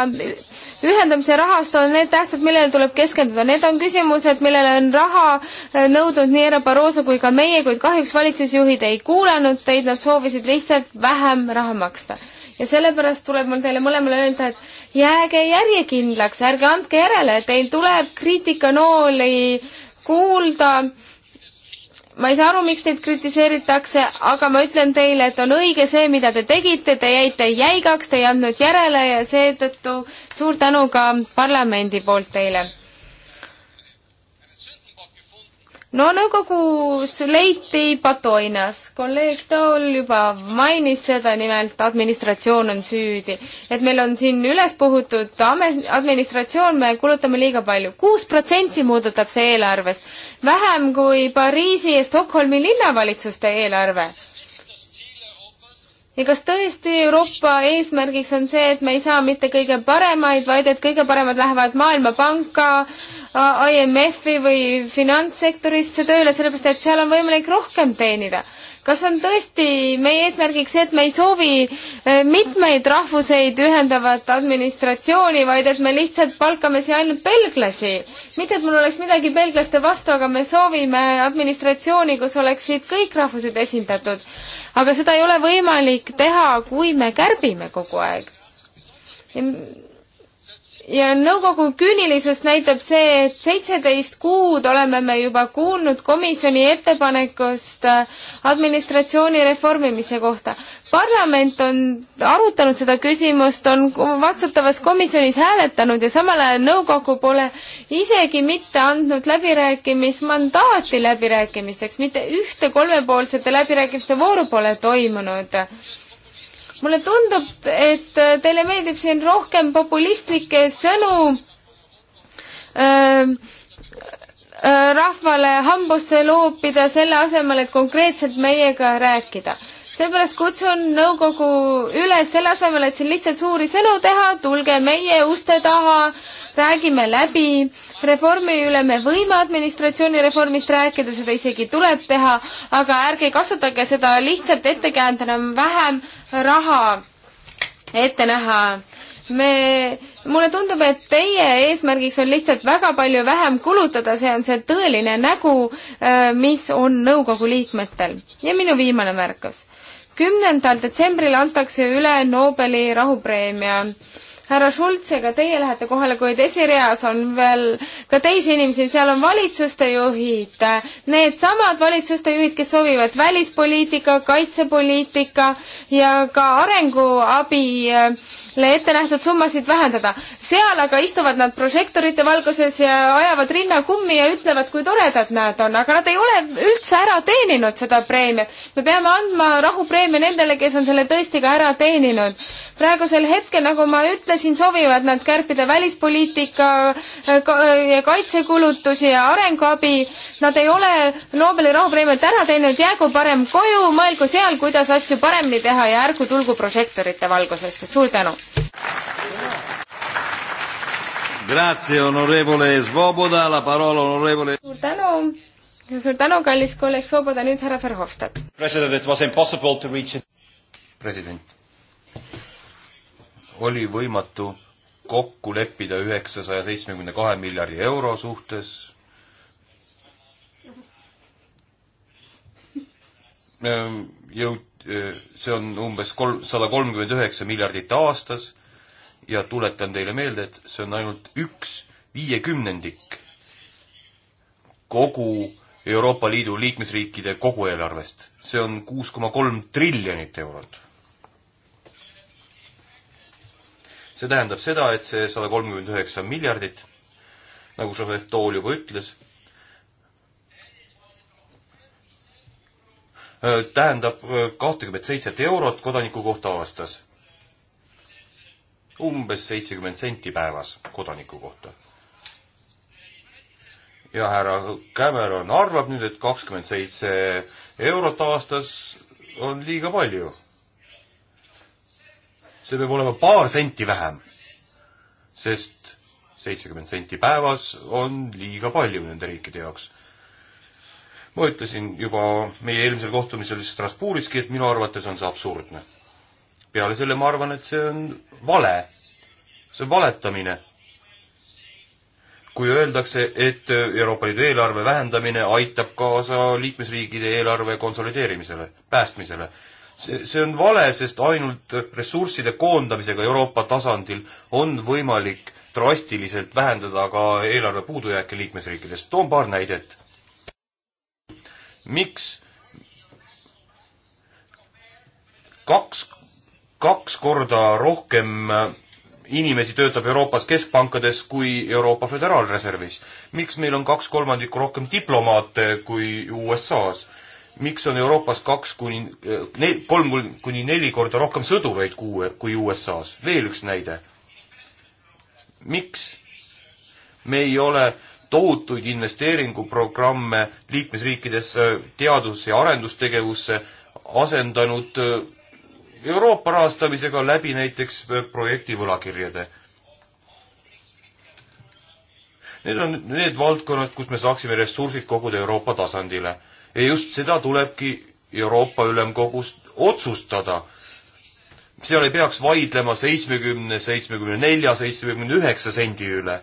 ühendamise rahastu on need tähtsad, millele tuleb keskenduda. Need on küsimused, millele on raha äh, nõudnud nii härra Barroso kui ka meie, kuid kahjuks valitsusjuhid ei kuulanud teid, nad soovisid lihtsalt vähem raha maksta. ja sellepärast tuleb mul teile mõlemale öelda, et jääge järjekindlaks, ärge andke järele, teil tuleb kriitikanooli kuulda ma ei saa aru, miks neid kritiseeritakse, aga ma ütlen teile, et on õige see, mida te tegite, te jäite jäigaks, te ei andnud järele ja seetõttu suur tänu ka parlamendi poolt teile. no nõukogus leiti patuoinas, kolleeg Taul juba mainis seda, nimelt administratsioon on süüdi. et meil on siin üles puhutud administratsioon, me kulutame liiga palju, kuus protsenti muudetab see eelarvest, vähem kui Pariisi ja Stockholmi linnavalitsuste eelarve ja kas tõesti Euroopa eesmärgiks on see, et me ei saa mitte kõige paremaid, vaid et kõige paremad lähevad Maailmapanka, IMF-i või finantssektorisse tööle, sellepärast et seal on võimalik rohkem teenida kas on tõesti meie eesmärgiks see, et me ei soovi eh, mitmeid rahvuseid ühendavat administratsiooni, vaid et me lihtsalt palkame siia ainult belglasi? mitte, et mul oleks midagi belglaste vastu, aga me soovime administratsiooni, kus oleksid kõik rahvused esindatud. aga seda ei ole võimalik teha, kui me kärbime kogu aeg ja nõukogu küünilisust näitab see, et seitseteist kuud oleme me juba kuulnud komisjoni ettepanekust äh, administratsiooni reformimise kohta. parlament on arutanud seda küsimust, on vastutavas komisjonis hääletanud ja samal ajal nõukogu pole isegi mitte andnud läbirääkimismandaati läbirääkimisteks, mitte ühte kolmepoolsete läbirääkimiste vooru pole toimunud mulle tundub, et äh, teile meeldib siin rohkem populistlikke sõnu äh, äh, rahvale hambusse loopida, selle asemel, et konkreetselt meiega rääkida seepärast kutsun nõukogu üles selle asemel, et siin lihtsalt suuri sõnu teha, tulge meie uste taha, räägime läbi reformi üle, me võime administratsioonireformist rääkida, seda isegi tuleb teha, aga ärge kasutage seda lihtsalt ettekäändena, on vähem raha ette näha. me, mulle tundub, et teie eesmärgiks on lihtsalt väga palju vähem kulutada, see on see tõeline nägu, äh, mis on nõukogu liikmetel. ja minu viimane märkus. kümnendal detsembril antakse üle Nobeli rahupreemia äh, härra Schulz, ega teie lähete kohale, kuid esireas on veel ka teisi inimesi, seal on valitsuste juhid, needsamad valitsuste juhid, kes soovivad välispoliitika, kaitsepoliitika ja ka arenguabi ette nähtud summasid vähendada. seal aga istuvad nad prožektorite valguses ja ajavad rinna kummi ja ütlevad, kui toredad nad on, aga nad ei ole üldse ära teeninud seda preemiat. me peame andma rahupreemia nendele, kes on selle tõesti ka ära teeninud. praegusel hetkel, nagu ma ütlesin, soovivad nad kärpida välispoliitika eh, eh, ja kaitsekulutusi ja arenguabi. Nad ei ole Nobeli rahupreemiat ära teeninud, jäägu parem koju, mõelgu seal, kuidas asju paremini teha ja ärgu tulgu prožektorite valgusesse. suur tänu! Grazie, onorevole Svoboda, la parola onorevole. suur tänu, suur tänu, kallis kolleeg Svoboda, nüüd härra Verhofstadt. president, it was impossible to reach it. president, oli võimatu kokku leppida üheksasaja seitsmekümne kahe miljardi euro suhtes. Ehm, jõud-, see on umbes kolm, sada kolmkümmend üheksa miljardit aastas ja tuletan teile meelde, et see on ainult üks viiekümnendik kogu Euroopa Liidu liikmesriikide kogueelarvest. see on kuus koma kolm triljonit eurot. see tähendab seda, et see sada kolmkümmend üheksa miljardit, nagu Joseph Tool juba ütles Äh, tähendab äh, kahtekümmet seitset eurot kodaniku kohta aastas. umbes seitsekümmend senti päevas kodaniku kohta. ja härra Cameron arvab nüüd, et kakskümmend seitse eurot aastas on liiga palju. see peab olema paar senti vähem, sest seitsekümmend senti päevas on liiga palju nende riikide jaoks ma ütlesin juba meie eelmisel kohtumisel Strasbourgiski, et minu arvates on see absurdne. peale selle ma arvan, et see on vale. see on valetamine. kui öeldakse, et Euroopa Liidu eelarve vähendamine aitab kaasa liikmesriikide eelarve konsolideerimisele, päästmisele, see, see on vale, sest ainult ressursside koondamisega Euroopa tasandil on võimalik drastiliselt vähendada ka eelarve puudujääke liikmesriikides. toon paar näidet miks kaks, kaks korda rohkem inimesi töötab Euroopas keskpankades kui Euroopa Föderaalreservis? miks meil on kaks kolmandikku rohkem diplomaate kui USA-s? miks on Euroopas kaks kuni ne-, kolm kuni neli korda rohkem sõdureid kui, kui USA-s? veel üks näide. miks me ei ole tohutuid investeeringuprogramme liikmesriikides teadus- ja arendustegevusse asendanud äh, Euroopa rahastamisega läbi näiteks äh, projekti võlakirjade. Need on need valdkonnad, kus me saaksime ressursid koguda Euroopa tasandile. ja just seda tulebki Euroopa Ülemkogus otsustada. seal ei peaks vaidlema seitsmekümne, seitsmekümne nelja, seitsmekümne üheksa sendi üle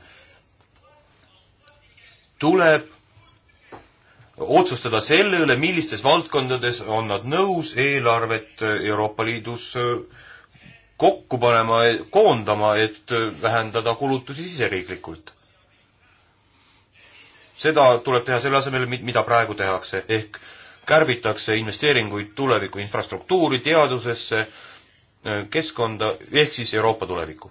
tuleb otsustada selle üle, millistes valdkondades on nad nõus eelarvet Euroopa Liidus äh, kokku panema, koondama, et äh, vähendada kulutusi siseriiklikult. seda tuleb teha selle asemel, mida praegu tehakse, ehk kärbitakse investeeringuid tuleviku infrastruktuuri, teadusesse, äh, keskkonda, ehk siis Euroopa tulevikku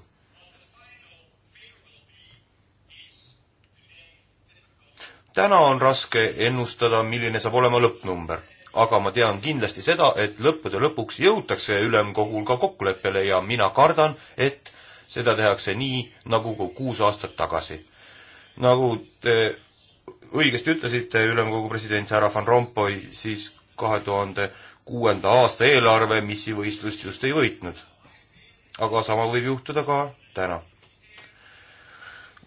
täna on raske ennustada, milline saab olema lõppnumber. aga ma tean kindlasti seda, et lõppude lõpuks jõutakse ülemkogul ka kokkuleppele ja mina kardan, et seda tehakse nii, nagu kuus aastat tagasi. nagu te õigesti ütlesite, ülemkogu president härra Van Rompuy siis kahe tuhande kuuenda aasta eelarve missivõistlust just ei võitnud. aga sama võib juhtuda ka täna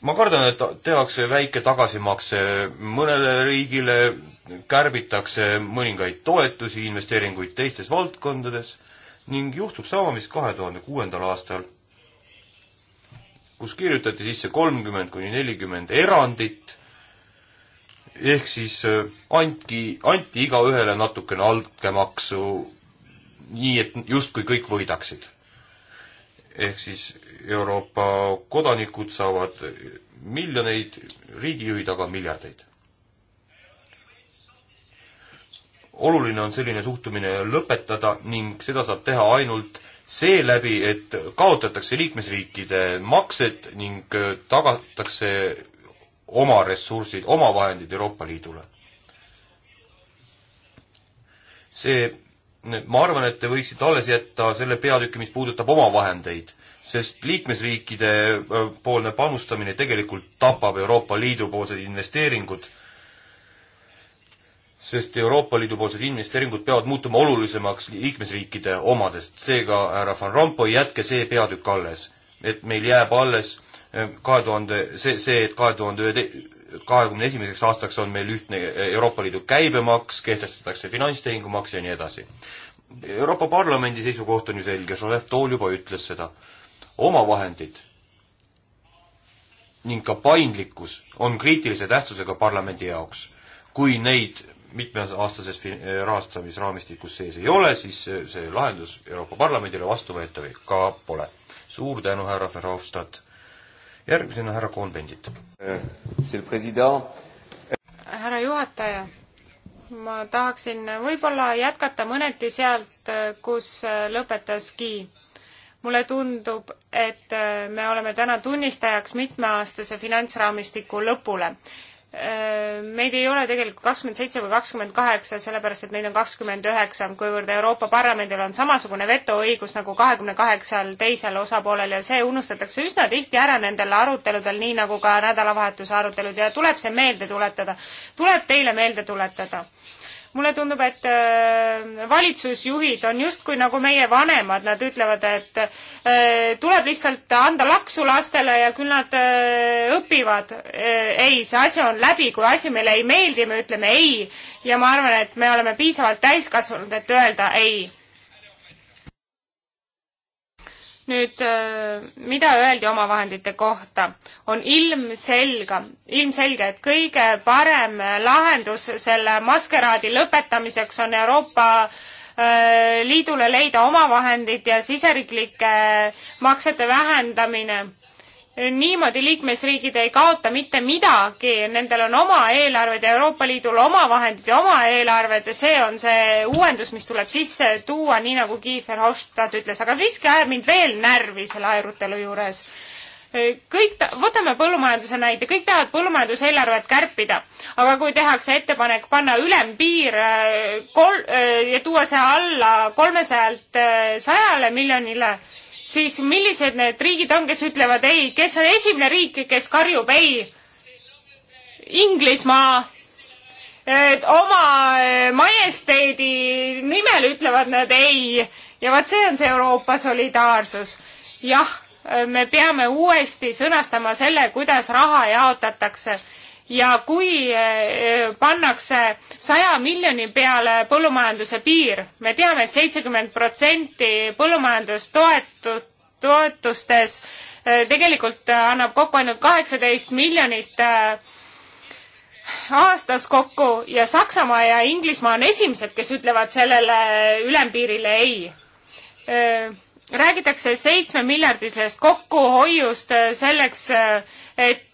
ma kardan, et tehakse väike tagasimakse mõnele riigile, kärbitakse mõningaid toetusi, investeeringuid teistes valdkondades ning juhtub sama, mis kahe tuhande kuuendal aastal, kus kirjutati sisse kolmkümmend kuni nelikümmend erandit, ehk siis äh, andki, anti igaühele natukene altkäemaksu, nii et justkui kõik võidaksid ehk siis Euroopa kodanikud saavad miljoneid, riigijuhid aga miljardeid. oluline on selline suhtumine lõpetada ning seda saab teha ainult seeläbi, et kaotatakse liikmesriikide maksed ning tagatakse oma ressursid, oma vahendid Euroopa Liidule. see ma arvan, et te võiksite alles jätta selle peatüki, mis puudutab omavahendeid, sest liikmesriikide poolne panustamine tegelikult tapab Euroopa Liidu poolsed investeeringud, sest Euroopa Liidu poolsed investeeringud peavad muutuma olulisemaks liikmesriikide omadest, seega härra Van Rompuy, jätke see peatükk alles. et meil jääb alles kahe tuhande, see, see, et kahe tuhande ühe kahekümne esimeseks aastaks on meil ühtne Euroopa Liidu käibemaks, kehtestatakse finantstehingumaks ja nii edasi. Euroopa Parlamendi seisukoht on ju selge, Joseph Tool juba ütles seda. omavahendid ning ka paindlikkus on kriitilise tähtsusega parlamendi jaoks. kui neid mitmeaastases rahastamisraamistikus sees ei ole, siis see lahendus Euroopa Parlamendile vastuvõetav ka pole. suur tänu, härra Verhofstadt! järgmisena härra Kohn-Pendit. härra juhataja, ma tahaksin võib-olla jätkata mõneti sealt, kus lõpetas Gi. mulle tundub, et me oleme täna tunnistajaks mitmeaastase finantsraamistiku lõpule Äh, meid ei ole tegelikult kakskümmend seitse või kakskümmend kaheksa, sellepärast et meid on kakskümmend üheksa, kuivõrd Euroopa Parlamendil on samasugune vetoõigus nagu kahekümne kaheksal teisel osapoolel ja see unustatakse üsna tihti ära nendel aruteludel, nii nagu ka nädalavahetuse arutelud ja tuleb see meelde tuletada. tuleb teile meelde tuletada mulle tundub, et äh, valitsusjuhid on justkui nagu meie vanemad, nad ütlevad, et äh, tuleb lihtsalt anda laksu lastele ja küll nad äh, õpivad. ei, see asi on läbi, kui asi meile ei meeldi, me ütleme ei ja ma arvan, et me oleme piisavalt täiskasvanud, et öelda ei nüüd äh, mida öeldi omavahendite kohta, on ilmselga, ilmselge, et kõige parem lahendus selle maskeraadi lõpetamiseks on Euroopa äh, Liidule leida omavahendid ja siseriiklike maksete vähendamine niimoodi liikmesriigid ei kaota mitte midagi, nendel on oma eelarved ja Euroopa Liidul oma vahendid ja oma eelarved ja see on see uuendus, mis tuleb sisse tuua, nii nagu Kiefer Hofstad ütles, aga miski ajab mind veel närvi selle arutelu juures. kõik ta-, võtame põllumajanduse näite, kõik tahavad põllumajanduseelarvet kärpida, aga kui tehakse ettepanek panna ülempiir äh, kol- äh, ja tuua see alla kolmesajalt äh, sajale miljonile, siis millised need riigid on, kes ütlevad ei, kes on esimene riik, kes karjub ei? Inglismaa oma eh, majesteedi nimel ütlevad nad ei ja vaat see on see Euroopa solidaarsus. jah, eh, me peame uuesti sõnastama selle, kuidas raha jaotatakse ja kui eh, eh, pannakse saja miljoni peale põllumajanduse piir, me teame et, et seitsekümmend protsenti põllumajandustoetu-, toetustes eh, tegelikult annab kokku ainult kaheksateist miljonit aastas kokku ja Saksamaa ja Inglismaa on esimesed, kes ütlevad sellele ülempiirile ei. räägitakse seitsme miljardilisest kokkuhoiust selleks, et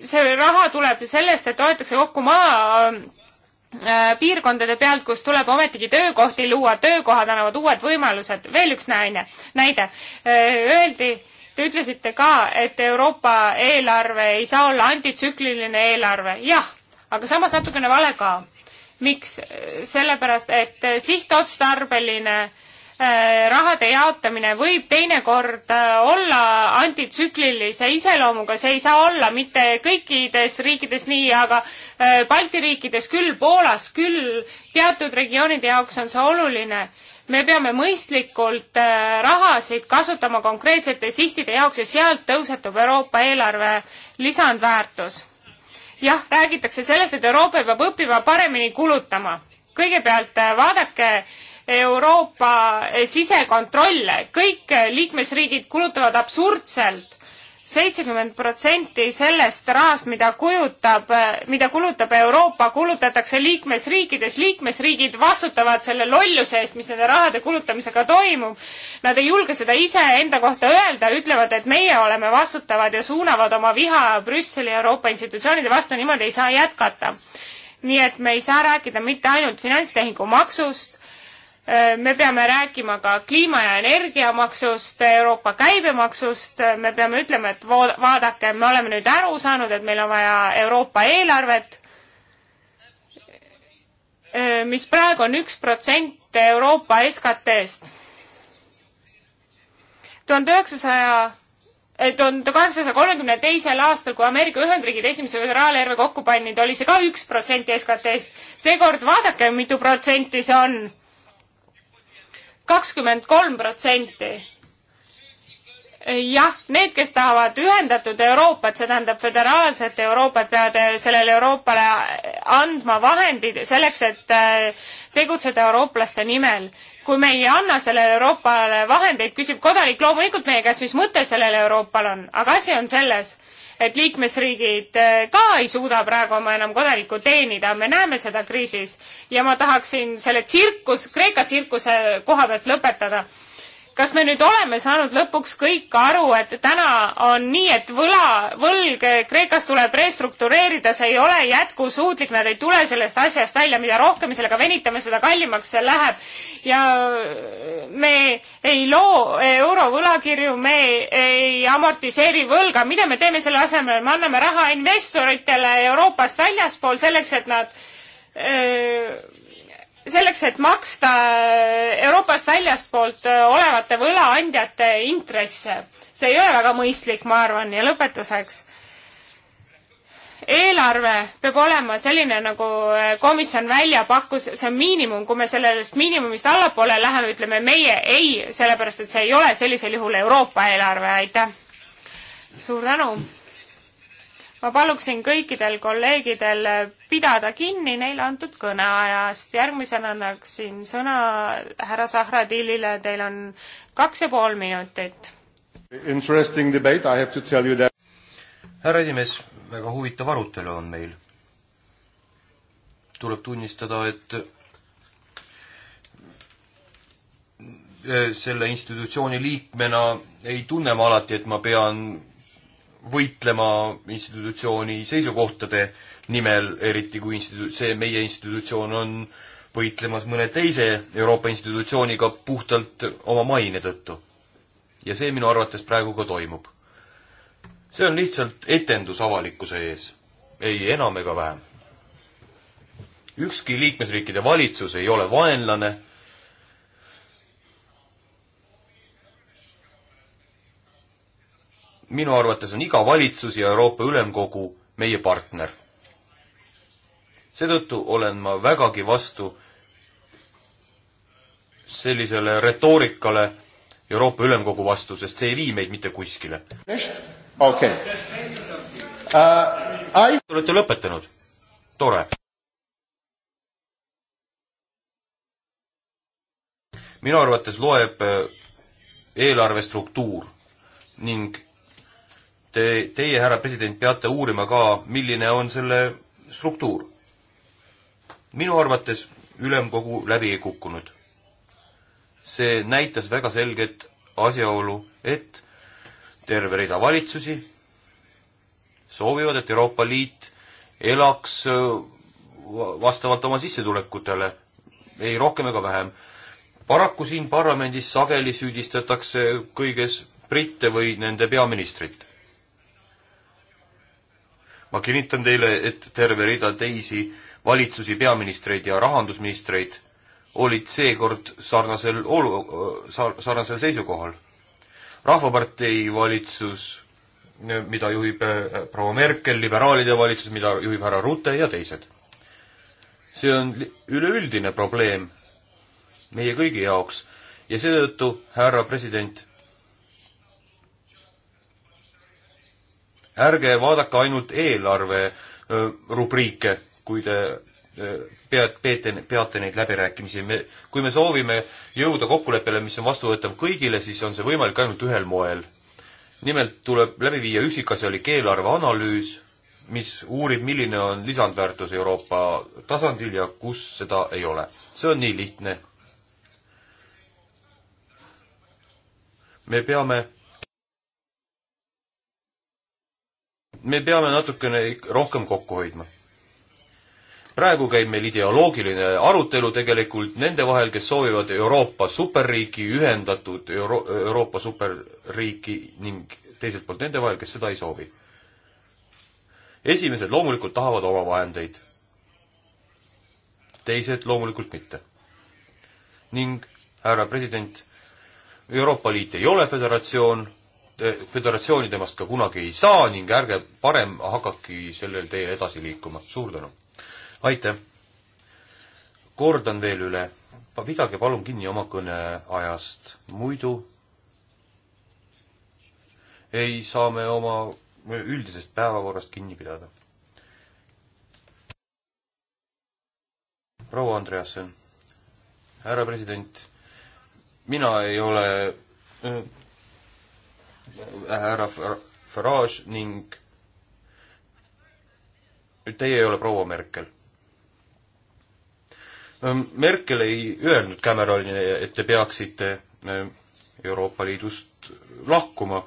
see raha tuleb sellest, et hoitakse kokku maa äh, piirkondade pealt, kus tuleb ometigi töökohti luua, töökohad annavad uued võimalused. veel üks näine, näide. Äh, öeldi, te ütlesite ka, et Euroopa eelarve ei saa olla antitsükliline eelarve. jah, aga samas natukene vale ka. miks? sellepärast, et sihtotstarbeline äh, Äh, rahade jaotamine võib teinekord äh, olla antitsüklilise iseloomuga, see ei saa olla mitte kõikides riikides nii, aga äh, Balti riikides küll, Poolas küll, teatud regioonide jaoks on see oluline me peame mõistlikult rahasid kasutama konkreetsete sihtide jaoks ja sealt tõusetub Euroopa eelarve lisandväärtus. jah, räägitakse sellest, et Euroopa peab õppima paremini kulutama. kõigepealt vaadake Euroopa sisekontrolle, kõik liikmesriigid kulutavad absurdselt seitsekümmend protsenti sellest rahast, mida kujutab, mida kulutab Euroopa, kulutatakse liikmesriikides, liikmesriigid vastutavad selle lolluse eest, mis nende rahade kulutamisega toimub. Nad ei julge seda iseenda kohta öelda, ütlevad, et meie oleme vastutavad ja suunavad oma viha Brüsseli ja Euroopa institutsioonide vastu, niimoodi ei saa jätkata. nii et me ei saa rääkida mitte ainult finantstehingu maksust, Äh, me peame rääkima ka kliima- ja energiamaksust, Euroopa käibemaksust, me peame ütlema, et vaadake, me oleme nüüd aru saanud, et meil on vaja Euroopa eelarvet, äh, mis praegu on üks protsent Euroopa SKT-st. tuhande üheksasaja äh, tuhande kaheksasaja kolmekümne teisel aastal, kui Ameerika Ühendriigid esimese föderaaljärve kokku pannid, oli see ka üks protsenti SKT-st. seekord vaadake, mitu protsenti see on kakskümmend kolm protsenti jah, need, kes tahavad ühendatud Euroopat, see tähendab föderaalset Euroopat, peavad eh, sellele Euroopale andma vahendid selleks, et eh, tegutseda eurooplaste nimel. kui me ei anna sellele Euroopale vahendeid, küsib kodanik loomulikult meie käest, mis mõte sellel Euroopal on, aga asi on selles, et liikmesriigid eh, ka ei suuda praegu oma enam kodanikku teenida, me näeme seda kriisis ja ma tahaksin selle tsirkus, Kreeka tsirkuse koha pealt lõpetada kas me nüüd oleme saanud lõpuks kõik aru, et täna on nii, et võla, võlg Kreekas tuleb restruktureerida, see ei ole jätkusuutlik, nad ei tule sellest asjast välja, mida rohkem me sellega venitame, seda kallimaks see läheb. ja me ei loo eurovõlakirju, me ei amortiseeri võlga, mida me teeme selle asemel, me anname raha investoritele Euroopast väljaspool selleks, et nad öö, äh, selleks, et maksta äh, Euroopast väljastpoolt äh, olevate võlaandjate intresse. see ei ole väga mõistlik, ma arvan, ja lõpetuseks. eelarve peab olema selline, nagu äh, komisjon välja pakkus, see on miinimum, kui me sellest miinimumist allapoole läheme, ütleme meie ei, sellepärast et see ei ole sellisel juhul Euroopa eelarve, aitäh. suur tänu ma paluksin kõikidel kolleegidel pidada kinni neile antud kõneajast. järgmisena annaksin sõna härra Sahradilile, teil on kaks ja pool minutit. Interesting debate, I have to tell you that. härra esimees, väga huvitav arutelu on meil. tuleb tunnistada, et selle institutsiooni liikmena ei tunne ma alati, et ma pean võitlema institutsiooni seisukohtade nimel, eriti kui institu-, see meie institutsioon on võitlemas mõne teise Euroopa institutsiooniga puhtalt oma maine tõttu. ja see minu arvates praegu ka toimub. see on lihtsalt etendus avalikkuse ees, ei enam ega vähem. ükski liikmesriikide valitsus ei ole vaenlane minu arvates on iga valitsus ja Euroopa Ülemkogu meie partner. seetõttu olen ma vägagi vastu sellisele retoorikale Euroopa Ülemkogu vastu, sest see ei vii meid mitte kuskile. okei. Uh, Te olete lõpetanud? tore. minu arvates loeb eh, eelarve struktuur ning Te, teie, härra president, peate uurima ka, milline on selle struktuur. minu arvates ülemkogu läbi ei kukkunud. see näitas väga selget asjaolu, et terve rida valitsusi soovivad, et Euroopa Liit elaks äh, vastavalt oma sissetulekutele, ei rohkem ega vähem. paraku siin parlamendis sageli süüdistatakse kõiges britte või nende peaministrit ma kinnitan teile, et terve rida teisi valitsusi, peaministreid ja rahandusministreid olid seekord sarnasel olu-, sarnasel seisukohal. rahvapartei valitsus, mida juhib äh, proua Merkel, liberaalide valitsus, mida juhib härra Rute ja teised. see on üleüldine probleem meie kõigi jaoks ja seetõttu, härra president, ärge vaadake ainult eelarve rubriike, kui te pead, peete, peate neid läbirääkimisi, me, kui me soovime jõuda kokkuleppele, mis on vastuvõetav kõigile, siis on see võimalik ainult ühel moel. nimelt tuleb läbi viia üksikasjalik eelarveanalüüs, mis uurib, milline on lisandväärtus Euroopa tasandil ja kus seda ei ole. see on nii lihtne. me peame me peame natukene rohkem kokku hoidma. praegu käib meil ideoloogiline arutelu tegelikult nende vahel, kes soovivad Euroopa superriiki, ühendatud Euro Euroopa superriiki ning teiselt poolt nende vahel, kes seda ei soovi. esimesed loomulikult tahavad oma vahendeid, teised loomulikult mitte. ning härra president, Euroopa Liit ei ole föderatsioon föderatsiooni temast ka kunagi ei saa ning ärge parem hakake sellel teel edasi liikuma. suur tänu! aitäh! kordan veel üle, pidage palun kinni oma kõneajast, muidu ei saa me oma üldisest päevakorrast kinni pidada. proua Andreasen, härra president, mina ei ole äh, härra Farage ning teie ei ole proua Merkel. Merkel ei öelnud Cameronile, et te peaksite Euroopa Liidust lahkuma.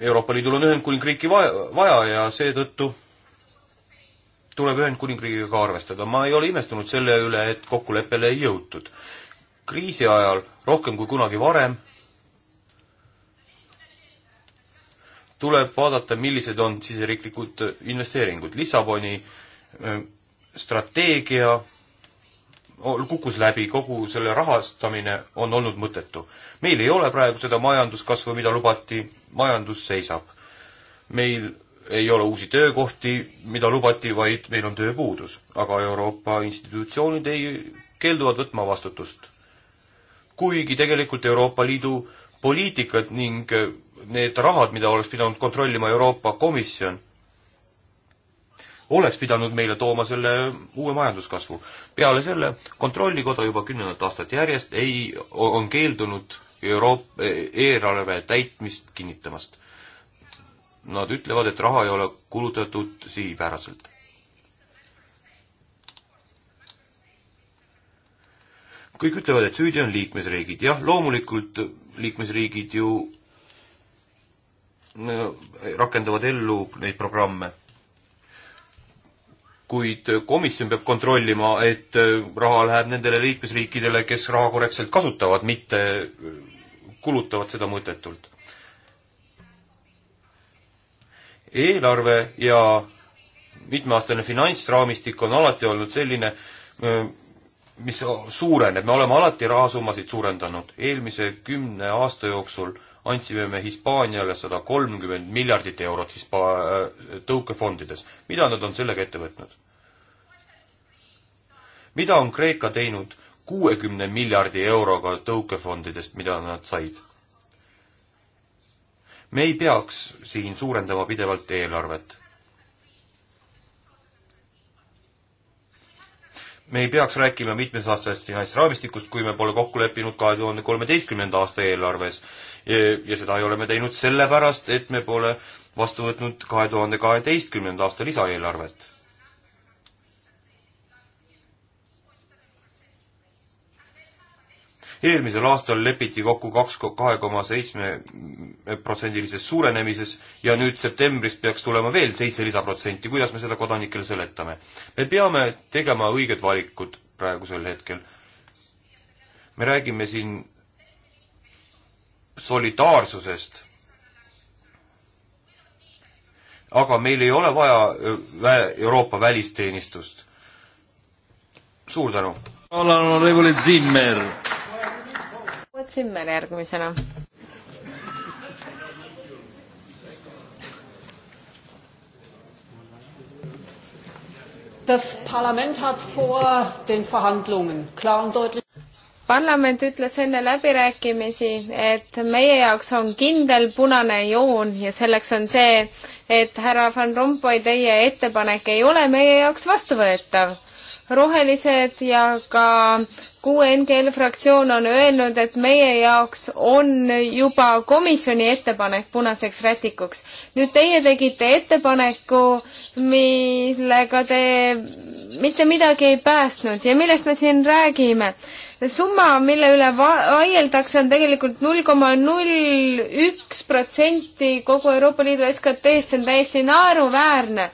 Euroopa Liidul on Ühendkuningriiki vaja, vaja ja seetõttu tuleb Ühendkuningriigiga ka arvestada. ma ei ole imestunud selle üle, et kokkuleppele ei jõutud. kriisi ajal rohkem kui kunagi varem tuleb vaadata, millised on siseriiklikud investeeringud. Lissaboni äh, strateegia kukkus läbi, kogu selle rahastamine on olnud mõttetu. meil ei ole praegu seda majanduskasvu, mida lubati, majandus seisab. meil ei ole uusi töökohti, mida lubati, vaid meil on tööpuudus. aga Euroopa institutsioonid ei, keelduvad võtma vastutust. kuigi tegelikult Euroopa Liidu poliitikad ning need rahad, mida oleks pidanud kontrollima Euroopa Komisjon, oleks pidanud meile tooma selle uue majanduskasvu. peale selle Kontrollikoda juba kümnendat aastat järjest ei, on keeldunud Euroopa eelarve täitmist kinnitamast. Nad ütlevad, et raha ei ole kulutatud sihipäraselt. kõik ütlevad, et süüdi on liikmesriigid, jah, loomulikult liikmesriigid ju rakendavad ellu neid programme. kuid komisjon peab kontrollima, et raha läheb nendele liikmesriikidele, kes raha korrektselt kasutavad, mitte kulutavad seda mõttetult. eelarve ja mitmeaastane finantsraamistik on alati olnud selline, mis suureneb, me oleme alati rahasummasid suurendanud, eelmise kümne aasta jooksul andsime me Hispaaniale sada kolmkümmend miljardit eurot hispa-, äh, tõukefondides. mida nad on sellega ette võtnud? mida on Kreeka teinud kuuekümne miljardi euroga tõukefondidest, mida nad said? me ei peaks siin suurendama pidevalt eelarvet me ei peaks rääkima mitmesaastasest finantsraamistikust, kui me pole kokku leppinud kahe tuhande kolmeteistkümnenda aasta eelarves. ja seda ei ole me teinud sellepärast, et me pole vastu võtnud kahe tuhande kaheteistkümnenda aasta lisaeelarvet eelmisel aastal lepiti kokku kaks, kahe koma seitsme protsendilises suurenemises ja nüüd septembris peaks tulema veel seitse lisaprotsenti, kuidas me seda kodanikele seletame? me peame tegema õiged valikud praegusel hetkel. me räägime siin solidaarsusest aga meil ei ole vaja vä Euroopa välisteenistust. suur tänu. Zimmer järgmisena. Das Parlament hat vor den Verhandlungen klar und deutlich parlament ütles enne läbirääkimisi, et meie jaoks on kindel punane joon ja selleks on see, et härra Van Rompuy, teie ettepanek ei ole meie jaoks vastuvõetav rohelised ja ka QNGL fraktsioon on öelnud, et meie jaoks on juba komisjoni ettepanek punaseks rätikuks. nüüd teie tegite ettepaneku, millega te mitte midagi ei päästnud ja millest me siin räägime? summa, mille üle vaieldakse, on tegelikult null koma null üks protsenti kogu Euroopa Liidu SKT-st, see on täiesti naeruväärne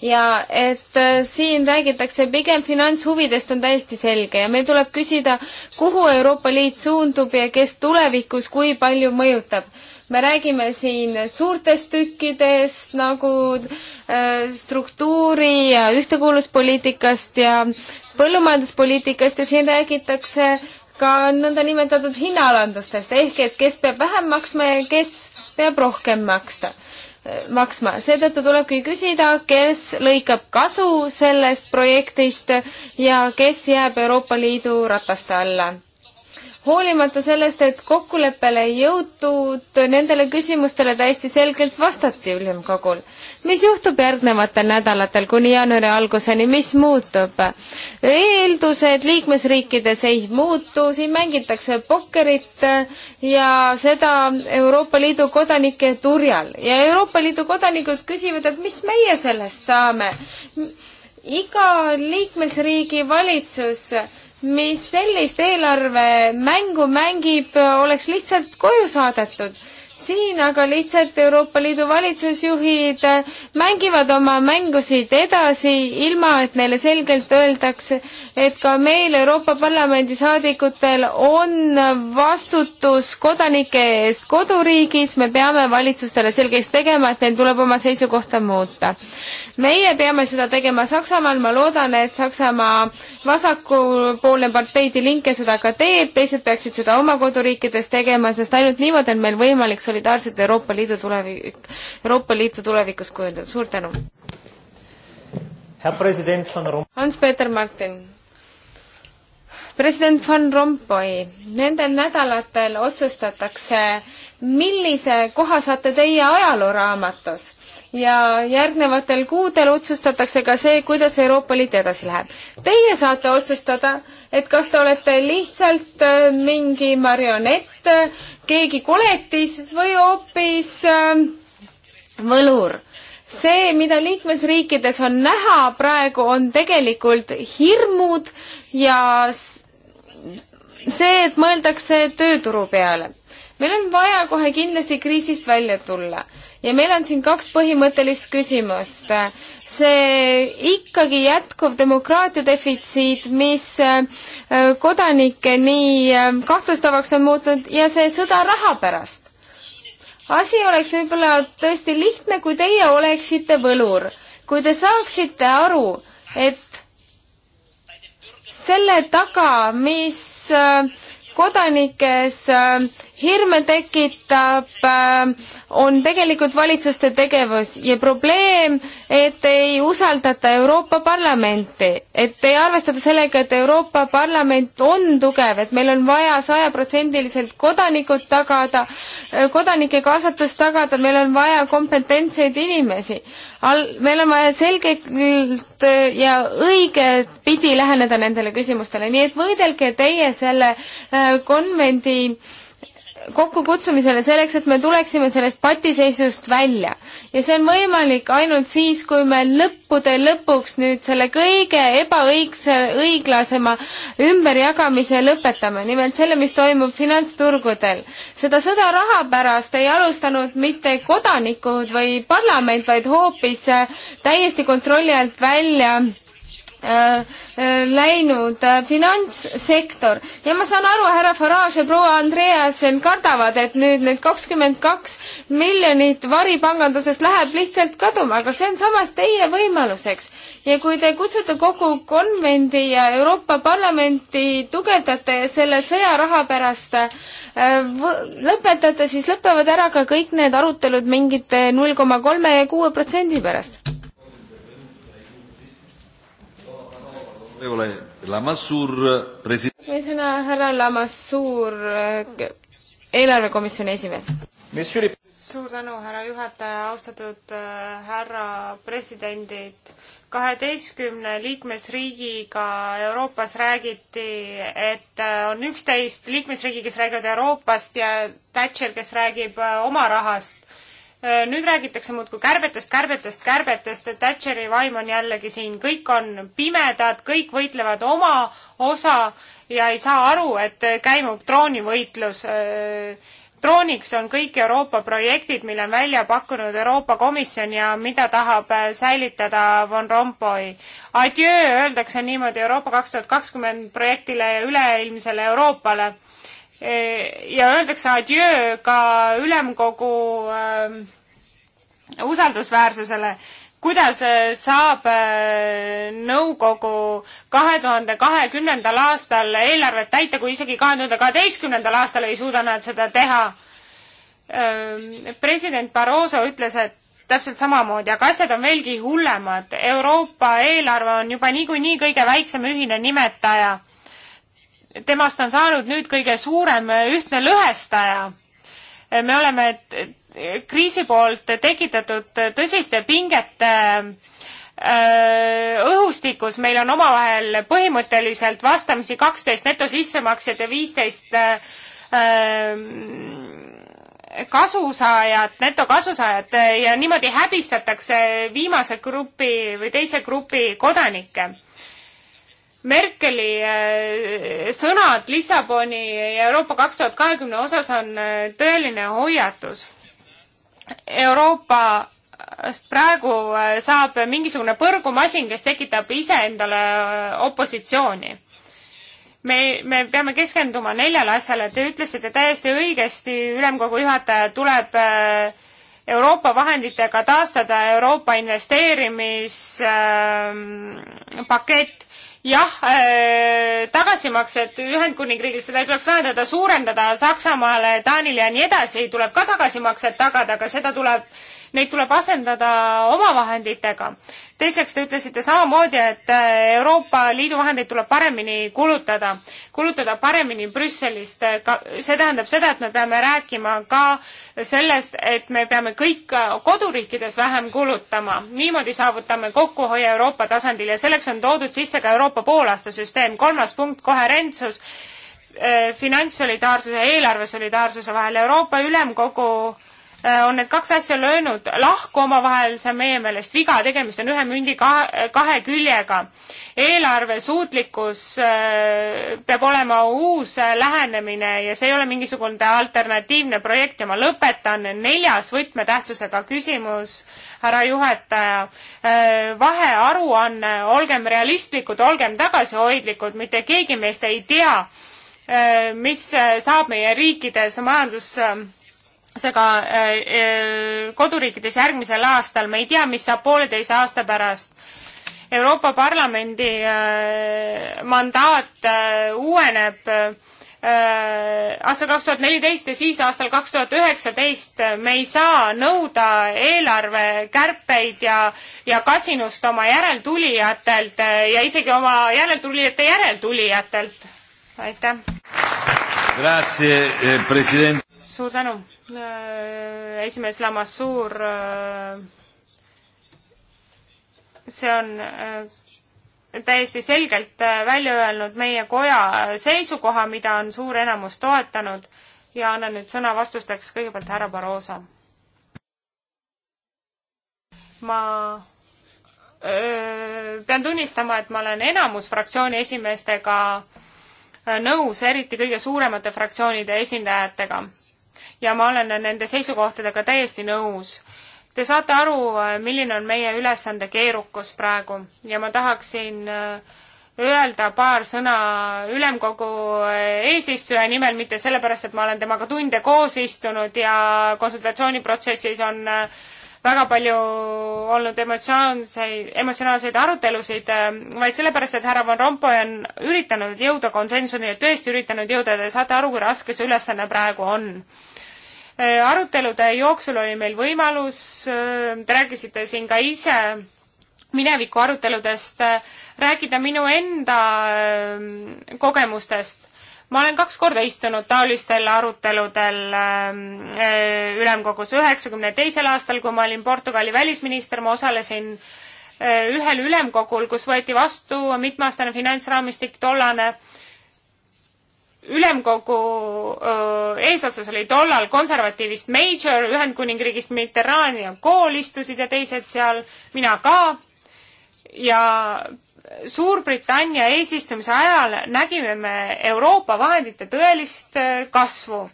ja et äh, siin räägitakse pigem finantshuvidest, on täiesti selge ja meil tuleb küsida, kuhu Euroopa Liit suundub ja kes tulevikus kui palju mõjutab. me räägime siin suurtest tükkidest nagu äh, struktuuri ja ühtekuuluvuspoliitikast ja põllumajanduspoliitikast ja siin räägitakse ka nõndanimetatud hinnaalandustest ehk et kes peab vähem maksma ja kes peab rohkem maksta maksma. seetõttu tulebki küsida, kes lõikab kasu sellest projektist ja kes jääb Euroopa Liidu rataste alla hoolimata sellest, et kokkuleppele ei jõutud, nendele küsimustele täiesti selgelt vastati ülemkogul. mis juhtub järgnevatel nädalatel kuni jaanuari alguseni, mis muutub? eeldused liikmesriikides ei muutu, siin mängitakse pokkerit ja seda Euroopa Liidu kodanike turjal ja Euroopa Liidu kodanikud küsivad, et mis meie sellest saame. iga liikmesriigi valitsus mis sellist eelarvemängu mängib, oleks lihtsalt koju saadetud. siin aga lihtsalt Euroopa Liidu valitsusjuhid mängivad oma mängusid edasi, ilma et neile selgelt öeldakse, et ka meil, Euroopa Parlamendi saadikutel, on vastutus kodanike ees koduriigis, me peame valitsustele selgeks tegema, et neil tuleb oma seisukohta muuta meie peame seda tegema Saksamaal, ma loodan, et Saksamaa vasakpoolne partei Die Linke seda ka teeb, teised peaksid seda oma koduriikides tegema, sest ainult niimoodi on meil võimalik solidaarselt Euroopa Liidu tulevik, Euroopa Liitu tulevikus kujundada, suur tänu! Hans-Peeter Martin president Van Rompuy, nendel nädalatel otsustatakse, millise koha saate teie ajalooraamatus ja järgnevatel kuudel otsustatakse ka see, kuidas Euroopa Liit edasi läheb. Teie saate otsustada, et kas te olete lihtsalt äh, mingi marionett, keegi koletis või hoopis äh, võlur see, mida liikmesriikides on näha praegu, on tegelikult hirmud ja see, et mõeldakse tööturu peale meil on vaja kohe kindlasti kriisist välja tulla ja meil on siin kaks põhimõttelist küsimust. see ikkagi jätkuv demokraatia defitsiit, mis äh, kodanikke nii äh, kahtlustavaks on muutnud ja see sõda raha pärast. asi oleks võib-olla tõesti lihtne, kui teie oleksite võlur, kui te saaksite aru, et selle taga, mis äh, kodanikes hirme tekitab, äh, on tegelikult valitsuste tegevus ja probleem, et ei usaldata Euroopa Parlamenti, et ei arvestata sellega, et Euroopa Parlament on tugev, et meil on vaja sajaprotsendiliselt kodanikud tagada, äh, kodanike kaasatust tagada, meil on vaja kompetentseid inimesi. Al-, meil on vaja selgelt äh, ja õigetpidi läheneda nendele küsimustele, nii et võidelge teie selle konvendi äh, kokkukutsumisele selleks, et me tuleksime sellest patiseisust välja. ja see on võimalik ainult siis, kui me lõppude lõpuks nüüd selle kõige ebaõigse, õiglasema ümberjagamise lõpetame, nimelt selle, mis toimub finantsturgudel. seda sõda raha pärast ei alustanud mitte kodanikud või parlament, vaid hoopis täiesti kontrolli alt välja Äh, äh, läinud äh, finantssektor ja ma saan aru, härra Farage ja proua Andreasen kardavad, et nüüd need kakskümmend kaks miljonit varipangandusest läheb lihtsalt kaduma, aga see on samas teie võimaluseks. ja kui te kutsute kokku konvendi ja Euroopa Parlamenti tugevdate selle sõjaraha pärast, lõpetate, siis lõpevad ära ka kõik need arutelud mingite null koma kolme ja kuue protsendi pärast esimesena härra Lamassuur, eelarvekomisjoni esimees. suur tänu, härra juhataja, austatud äh, härra presidendid. kaheteistkümne liikmesriigiga Euroopas räägiti, et äh, on üksteist liikmesriigi, kes räägivad Euroopast ja Thatcher, kes räägib äh, oma rahast Äh, nüüd räägitakse muudkui kärbetest, kärbetest, kärbetest, et Thatcheri vaim on jällegi siin, kõik on pimedad, kõik võitlevad oma osa ja ei saa aru, et käimub troonivõitlus. Äh, trooniks on kõik Euroopa projektid, mille on välja pakkunud Euroopa Komisjon ja mida tahab äh, säilitada Von Rompuy. Adieu, öeldakse niimoodi Euroopa kaks tuhat kakskümmend projektile ja üleilmsele Euroopale ja öeldakse adjöö ka ülemkogu äh, usaldusväärsusele, kuidas äh, saab äh, nõukogu kahe tuhande kahekümnendal aastal eelarvet täita, kui isegi kahe tuhande kaheteistkümnendal aastal ei suuda nad seda teha. Ähm, president Barroso ütles, et täpselt samamoodi, aga asjad on veelgi hullemad. Euroopa eelarve on juba niikuinii kõige väiksem ühine nimetaja. temast on saanud nüüd kõige suurem ühtne lõhestaja. me oleme kriisi poolt tekitatud tõsiste pingete äh, õhustikus meil on omavahel põhimõtteliselt vastamisi kaksteist netosissemaksjat ja viisteist äh, kasusaajat, netokasusaajat äh, ja niimoodi häbistatakse viimase grupi või teise grupi kodanikke. Merkeli sõnad Lissaboni ja Euroopa kaks tuhat kahekümne osas on tõeline hoiatus Euroopast praegu äh, saab mingisugune põrgumasin, kes tekitab iseendale äh, opositsiooni. me, me peame keskenduma neljale asjale, te ütlesite täiesti õigesti, ülemkogu juhataja tuleb äh, Euroopa vahenditega taastada Euroopa investeerimispakett ähm, jah äh,, tagasimaksed Ühendkuningriigil, seda ei tuleks vähendada, suurendada Saksamaale, Taanile ja nii edasi, tuleb ka tagasimaksed tagada, aga seda tuleb neid tuleb asendada omavahenditega. teiseks, te ütlesite samamoodi, et äh, Euroopa Liidu vahendeid tuleb paremini kulutada, kulutada paremini Brüsselist. see tähendab seda, et me peame rääkima ka sellest, et me peame kõik äh, koduriikides vähem kulutama. niimoodi saavutame kokkuhoia Euroopa tasandil ja selleks on toodud sisse ka Euroopa poolaastasüsteem. kolmas punkt, koherentsus äh, finantssolidaarsus ja eelarvesolidaarsuse vahel. Euroopa Ülemkogu Äh, on need kaks asja löönud lahku omavahel, see on meie meelest viga, tegemist on ühe mündi kahe, kahe küljega. eelarve suutlikkus äh, peab olema uus äh, lähenemine ja see ei ole mingisugune alternatiivne projekt ja ma lõpetan, neljas võtmetähtsusega küsimus, härra juhataja. vahearuanne, olgem realistlikud, olgem tagasihoidlikud, mitte keegi meist ei tea, mis saab meie riikides majandus seega äh, äh, koduriikides järgmisel aastal, me ei tea, mis saab pooleteise aasta pärast. Euroopa Parlamendi äh, mandaat uueneb aastal kaks tuhat neliteist ja siis aastal kaks tuhat üheksateist me ei saa nõuda eelarvekärpeid ja, ja kasinust oma järeltulijatelt ja isegi oma järeltulijate järeltulijatelt. aitäh. Eh, suur tänu, äh, esimees Lamassuur. Äh, see on äh, täiesti selgelt välja öelnud meie koja seisukoha, mida on suur enamus toetanud ja annan nüüd sõna vastusteks kõigepealt härra Barroso. ma öö, pean tunnistama, et ma olen enamus fraktsiooni esimeestega nõus, eriti kõige suuremate fraktsioonide esindajatega ja ma olen nende seisukohtadega täiesti nõus. Te saate aru, milline on meie ülesande keerukus praegu ja ma tahaksin äh, öelda paar sõna ülemkogu äh, eesistuja nimel, mitte sellepärast, et ma olen temaga tunde koos istunud ja konsultatsiooniprotsessis on äh, väga palju olnud emotsioonseid, emotsionaalseid arutelusid, vaid sellepärast, et härra Van Rompuy on üritanud jõuda konsensuseni ja tõesti üritanud jõuda, te saate aru, kui raske see ülesanne praegu on Äh, arutelude jooksul oli meil võimalus, äh, te rääkisite siin ka ise mineviku aruteludest, äh, rääkida minu enda kogemustest ma olen kaks korda istunud taolistel aruteludel ülemkogus. üheksakümne teisel aastal, kui ma olin Portugali välisminister, ma osalesin ühel ülemkogul, kus võeti vastu mitmeaastane finantsraamistik, tollane ülemkogu öö, eesotsas oli tollal konservatiivist Major Ühendkuningriigist Mediterraania kool istusid ja teised seal, mina ka. ja Suurbritannia eesistumise ajal nägime me Euroopa vahendite tõelist kasvu.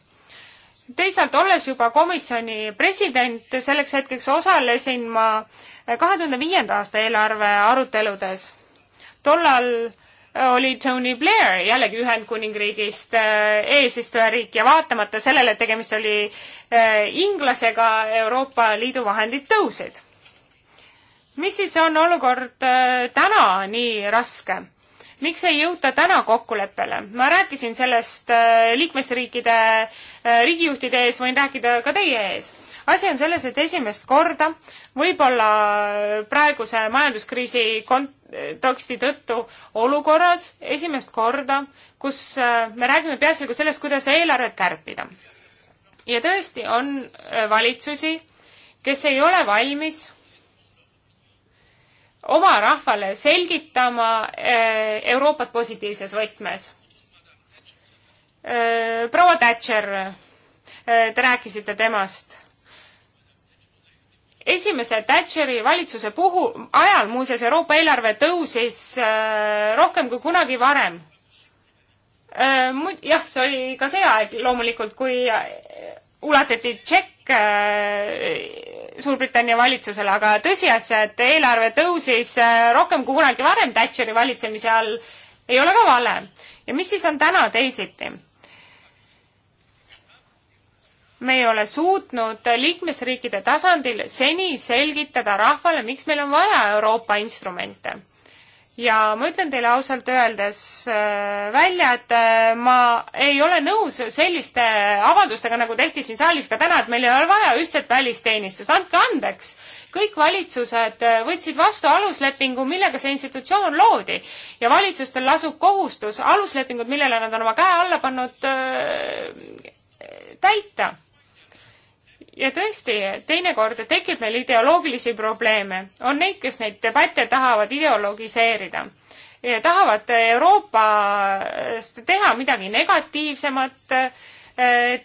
teisalt, olles juba komisjoni president, selleks hetkeks osalesin ma kahe tuhande viienda aasta eelarve aruteludes. tollal oli Tony Blair, jällegi Ühendkuningriigist äh, eesistujariik ja vaatamata sellele, et tegemist oli äh, inglasega, Euroopa Liidu vahendid tõusid. mis siis on olukord äh, täna nii raske? miks ei jõuta täna kokkuleppele? ma rääkisin sellest liikmesriikide riigijuhtide ees, võin rääkida ka teie ees asi on selles, et esimest korda võib-olla praeguse majanduskriisi konteksti tõttu olukorras esimest korda, kus äh, me räägime peaasjagu sellest, kuidas eelarvet kärpida. ja tõesti on äh, valitsusi, kes ei ole valmis oma rahvale selgitama äh, Euroopat positiivses võtmes. proua Thatcher, te rääkisite temast esimese Thatcheri valitsuse puhul, ajal muuseas Euroopa eelarve tõusis äh, rohkem kui kunagi varem äh,. jah, see oli ka see aeg loomulikult, kui äh, ulatati tšekk äh, Suurbritannia valitsusele, aga tõsiasja, et eelarve tõusis äh, rohkem kui kunagi varem Thatcheri valitsemise all, ei ole ka vale. ja mis siis on täna teisiti? me ei ole suutnud liikmesriikide tasandil seni selgitada rahvale, miks meil on vaja Euroopa instrumente. ja ma ütlen teile ausalt öeldes äh, välja, et äh, ma ei ole nõus selliste avaldustega, nagu tehti siin saalis ka täna, et meil ei ole vaja ühtset välisteenistust, andke andeks. kõik valitsused äh, võtsid vastu aluslepingu, millega see institutsioon loodi ja valitsustel lasub kohustus aluslepingud, millele nad on oma käe alla pannud, täita ja tõesti, teinekord tekib meil ideoloogilisi probleeme. on neid, kes neid debatte tahavad ideologiseerida. tahavad Euroopast teha midagi negatiivsemat,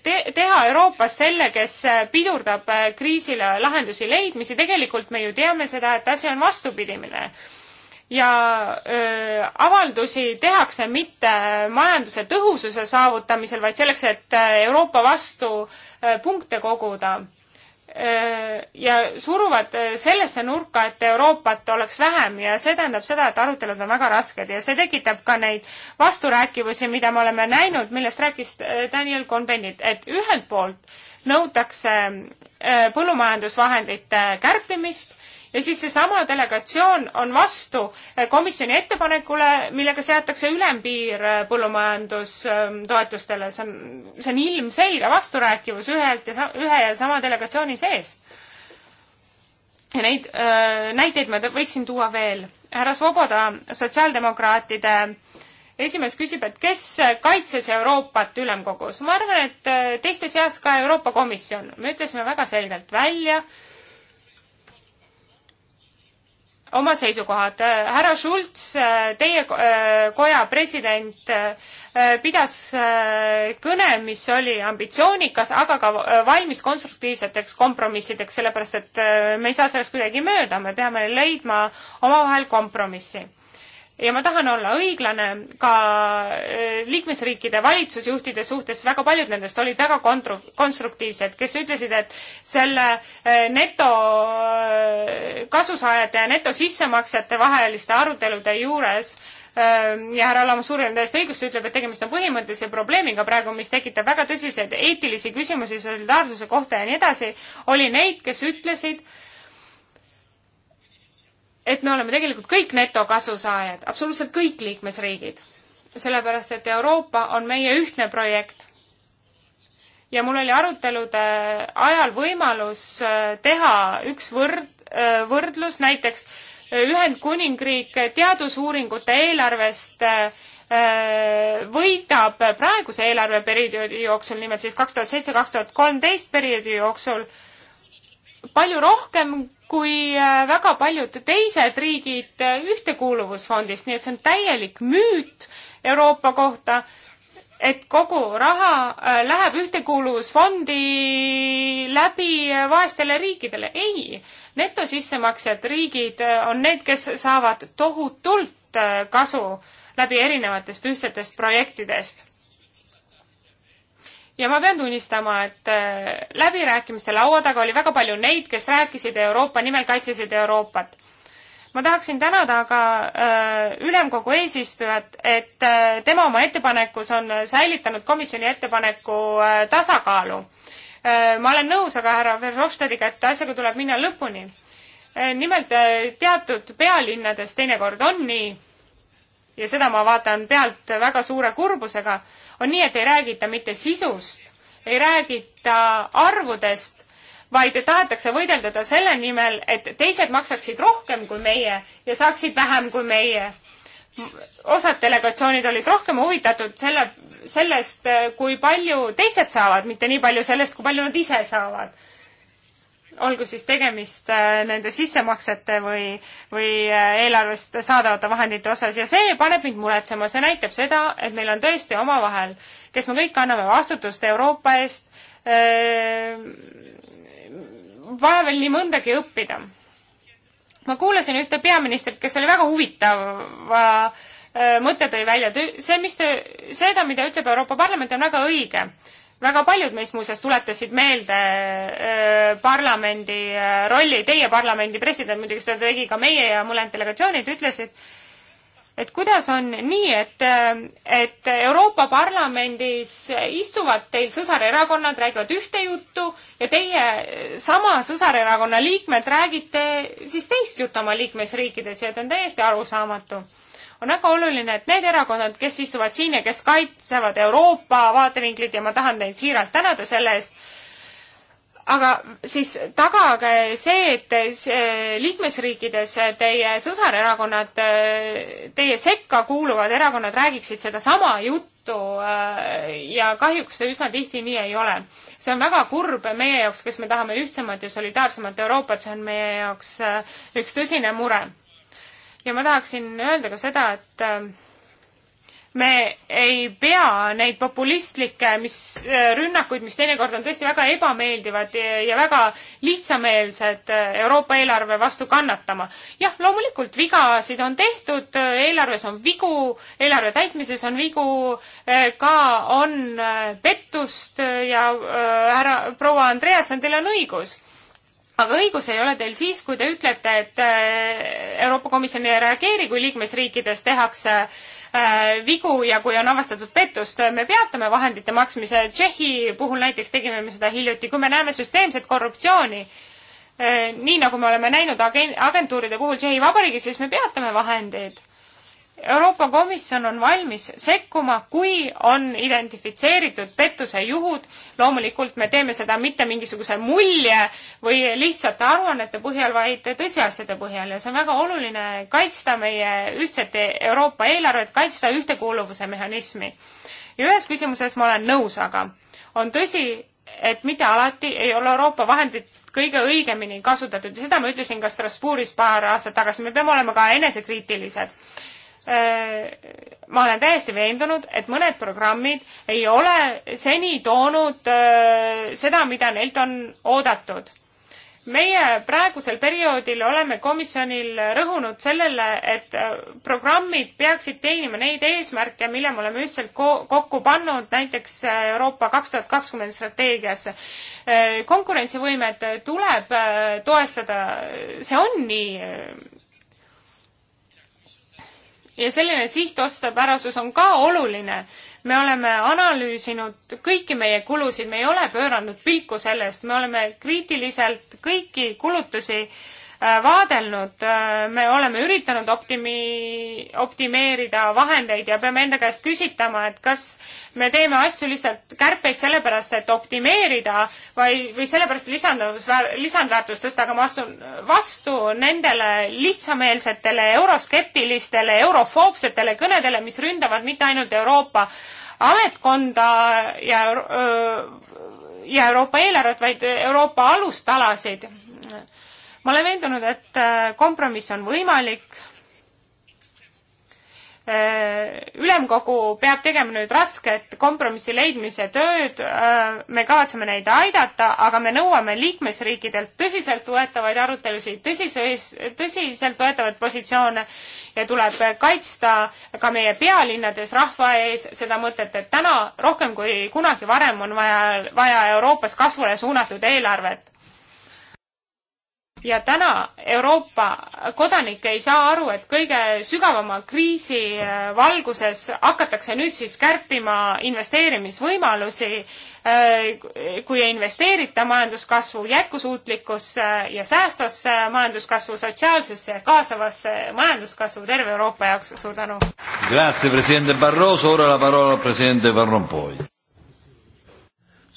te-, teha Euroopas selle, kes pidurdab kriisile lahendusi leidmisi, tegelikult me ju teame seda, et asi on vastupidimine ja öö, avaldusi tehakse mitte majanduse tõhususe saavutamisel, vaid selleks, et Euroopa vastu öö, punkte koguda. ja suruvad sellesse nurka, et Euroopat oleks vähem ja see tähendab seda, et arutelud on väga rasked ja see tekitab ka neid vasturääkivusi, mida me oleme näinud, millest rääkis Daniel Convenit, et ühelt poolt nõutakse põllumajandusvahendite kärpimist ja siis seesama delegatsioon on vastu eh, komisjoni ettepanekule, millega seatakse ülempiir eh, põllumajandustoetustele, see on, see on ilmselge vasturääkivus ühelt ja ühe ja sama delegatsiooni seest. ja neid öö, eh, näiteid ma võiksin tuua veel. härra Svoboda, sotsiaaldemokraatide esimees küsib, et kes kaitses Euroopat ülemkogus. ma arvan, et teiste seas ka Euroopa Komisjon. me ütlesime väga selgelt välja, oma seisukohad. Äh, härra Schulz, äh, teie äh, koja president, pidas kõne, mis oli ambitsioonikas, aga ka valmis konstruktiivseteks kompromissideks, sellepärast et me ei saa sellest kuidagi mööda, me peame leidma omavahel kompromissi ja ma tahan olla õiglane ka äh, liikmesriikide valitsusjuhtide suhtes, väga paljud nendest olid väga kontru-, konstruktiivsed, kes ütlesid, et selle äh, neto äh, kasusaajate ja neto sissemaksjate vaheliste arutelude juures ähm, ja härra Lamassuur on täiesti õigus, ütleb, et tegemist on põhimõttelise probleemiga praegu, mis tekitab väga tõsiseid eetilisi küsimusi solidaarsuse kohta ja nii edasi, oli neid, kes ütlesid, et me oleme tegelikult kõik netokasusaajad, absoluutselt kõik liikmesriigid. sellepärast, et Euroopa on meie ühtne projekt. ja mul oli arutelude ajal võimalus äh, teha üks võrd, äh, võrdlus, näiteks äh, Ühendkuningriik teadusuuringute eelarvest võidab praeguse eelarveperioodi jooksul, nimelt siis kaks tuhat seitse, kaks tuhat kolmteist perioodi jooksul, palju rohkem kui äh, väga paljud teised riigid äh, ühtekuuluvusfondist, nii et see on täielik müüt Euroopa kohta, et kogu raha äh, läheb ühtekuuluvusfondi läbi vaestele riikidele. ei, netosissemaksjad riigid on need, kes saavad tohutult kasu läbi erinevatest ühtsetest projektidest ja ma pean tunnistama, et äh, läbirääkimiste laua taga oli väga palju neid, kes rääkisid Euroopa nimel, kaitsesid Euroopat. ma tahaksin tänada aga äh, ülemkogu eesistujat, et äh, tema oma ettepanekus on säilitanud komisjoni ettepaneku tasakaalu. ma olen nõus aga härra Verhofstadiga, et asjaga tuleb minna lõpuni. nimelt teatud pealinnades teinekord on nii ja seda ma vaatan pealt väga suure kurbusega on nii, et ei räägita mitte sisust, ei räägita arvudest, vaid tahetakse võidelda selle nimel, et teised maksaksid rohkem kui meie ja saaksid vähem kui meie. osad delegatsioonid olid rohkem huvitatud selle, sellest, kui palju teised saavad, mitte nii palju sellest, kui palju nad ise saavad olgu siis tegemist äh, nende sissemaksete või, või äh, eelarvest saadavate vahendite osas ja see paneb mind muretsema, see näitab seda, et meil on tõesti omavahel, kes me kõik anname vastutust Euroopa eest, äh, vaja veel nii mõndagi õppida. ma kuulasin ühte peaministrit, kes oli väga huvitava mõte tõi välja, see, mis te, seda, mida ütleb Euroopa Parlament, on väga õige väga paljud meist muuseas tuletasid meelde öö, äh, parlamendi äh, rolli, teie parlamendi president muidugi seda tegi ka meie ja mõlemad delegatsioonid ütlesid, et kuidas on nii, et, äh, et Euroopa Parlamendis istuvad teil sõsarerakonnad, räägivad ühte juttu ja teie sama sõsarerakonna liikmed räägite siis teist juttu oma liikmesriikides ja et on täiesti arusaamatu on väga oluline, et need erakonnad, kes istuvad siin ja kes kaitsevad Euroopa vaatevinklit ja ma tahan neid siiralt tänada selle eest, aga siis tagage see, et liikmesriikides teie sõsarerakonnad, teie sekka kuuluvad erakonnad räägiksid sedasama juttu ja kahjuks see üsna tihti nii ei ole. see on väga kurb meie jaoks, kes me tahame ühtsemat ja solidaarsemat Euroopat, see on meie jaoks äh, üks tõsine mure ja ma tahaksin öelda ka seda, et äh, me ei pea neid populistlikke, mis äh, rünnakuid, mis teinekord on tõesti väga ebameeldivad ja väga lihtsameelsed äh, Euroopa eelarve vastu kannatama. jah, loomulikult vigasid on tehtud, eelarves on vigu, eelarve täitmises on vigu, ka on pettust ja härra proua Andreasen, teil on õigus aga õigus ei ole teil siis, kui te ütlete, et äh, Euroopa Komisjon ei reageeri, kui liikmesriikides tehakse äh, vigu ja kui on avastatud pettust, me peatame vahendite maksmise. Tšehhi puhul näiteks tegime me seda hiljuti, kui me näeme süsteemset korruptsiooni, äh, nii nagu me oleme näinud agentuuride puhul Tšehhi Vabariigis, siis me peatame vahendeid Euroopa Komisjon on valmis sekkuma, kui on identifitseeritud pettuse juhud. loomulikult me teeme seda mitte mingisuguse mulje või lihtsate aruannete põhjal, vaid tõsiasjade põhjal ja see on väga oluline kaitsta meie ühtset Euroopa eelarvet, kaitsta ühtekuuluvuse mehhanismi. ja ühes küsimuses ma olen nõus, aga on tõsi, et mitte alati ei ole Euroopa vahendid kõige õigemini kasutatud ja seda ma ütlesin ka Strasbourgis paar aastat tagasi, me peame olema ka enesekriitilised Äh, ma olen täiesti veendunud, et mõned programmid ei ole seni toonud äh, seda, mida neilt on oodatud. meie praegusel perioodil oleme komisjonil rõhunud sellele, et äh, programmid peaksid teenima neid eesmärke, mille me oleme ühtselt kokku pannud näiteks Euroopa kaks tuhat kakskümmend strateegias. konkurentsivõimet tuleb toestada, see on nii ja selline sihtotstarbepärasus on ka oluline. me oleme analüüsinud kõiki meie kulusid, me ei ole pööranud pilku sellest, me oleme kriitiliselt kõiki kulutusi äh, Äh, vaadelnud, äh, me oleme üritanud optimi-, optimeerida vahendeid ja peame enda käest küsitama, et kas me teeme asju lihtsalt, kärpeid sellepärast, et optimeerida või, või sellepärast lisandus, lisandväärtust tõsta, aga ma astun vastu nendele lihtsameelsetele euroskeptilistele, eurofoobsetele kõnedele, mis ründavad mitte ainult Euroopa ametkonda ja öö, ja Euroopa eelarvet, vaid Euroopa alustalasid ma olen veendunud, et äh, kompromiss on võimalik. Äh, ülemkogu peab tegema nüüd rasket kompromissi leidmise tööd, äh, me kavatseme neid aidata, aga me nõuame liikmesriikidelt tõsiseltvõetavaid arutelusid, tõsises, tõsiseltvõetavaid positsioone ja tuleb kaitsta ka meie pealinnades rahva ees seda mõtet, et täna rohkem kui kunagi varem on vaja, vaja Euroopas kasvule suunatud eelarvet ja täna Euroopa kodanik ei saa aru, et kõige sügavama kriisi äh, valguses hakatakse nüüd siis kärpima investeerimisvõimalusi, äh, kui ei investeerita majanduskasvu jätkusuutlikkusse ja säästvasse majanduskasvu, sotsiaalsesse ja kaasavasse majanduskasvu terve Euroopa jaoks. suur tänu!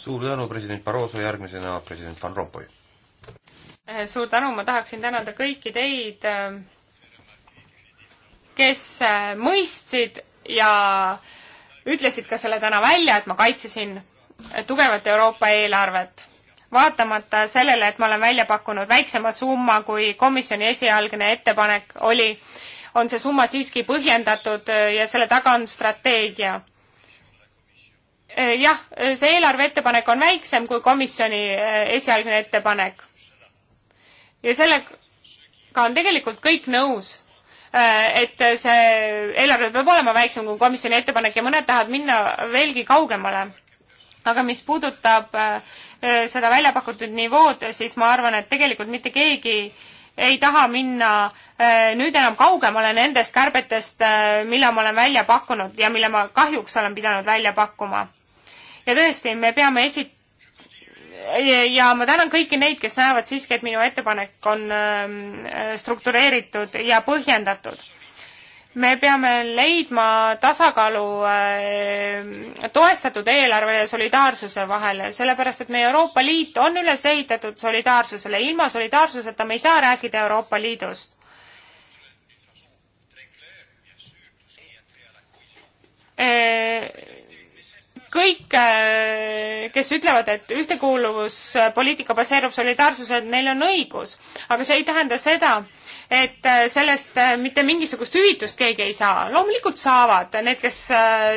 suur tänu, president Barroso, järgmisena president Van Rompuy Eh, suur tänu, ma tahaksin tänada kõiki teid, eh, kes eh, mõistsid ja ütlesid ka selle täna välja, et ma kaitsesin tugevat Euroopa eelarvet. vaatamata sellele, et ma olen välja pakkunud väiksema summa, kui komisjoni esialgne ettepanek oli, on see summa siiski põhjendatud ja selle taga on strateegia jah, see eelarve ettepanek on väiksem kui komisjoni esialgne ettepanek ja sellega on tegelikult kõik nõus, äh, et see eelarve peab olema väiksem kui komisjoni ettepanek ja mõned tahavad minna veelgi kaugemale. aga mis puudutab äh, seda välja pakutud nivood, siis ma arvan, et tegelikult mitte keegi ei taha minna äh, nüüd enam kaugemale nendest kärbetest, mille ma olen välja pakkunud ja mille ma kahjuks olen pidanud välja pakkuma. ja tõesti, me peame esit-, ja ma tänan kõiki neid, kes näevad siiski, et minu ettepanek on ähm, struktureeritud ja põhjendatud. me peame leidma tasakaalu äh, toestatud eelarve ja solidaarsuse vahel, sellepärast et meie Euroopa Liit on üles ehitatud solidaarsusele, ilma solidaarsuseta me ei saa rääkida Euroopa Liidust. E kõik, äh, kes ütlevad, et ühtekuuluvuspoliitika baseerub solidaarsusel, neil on õigus, aga see ei tähenda seda, et äh, sellest äh, mitte mingisugust hüvitust keegi ei saa. loomulikult saavad need, kes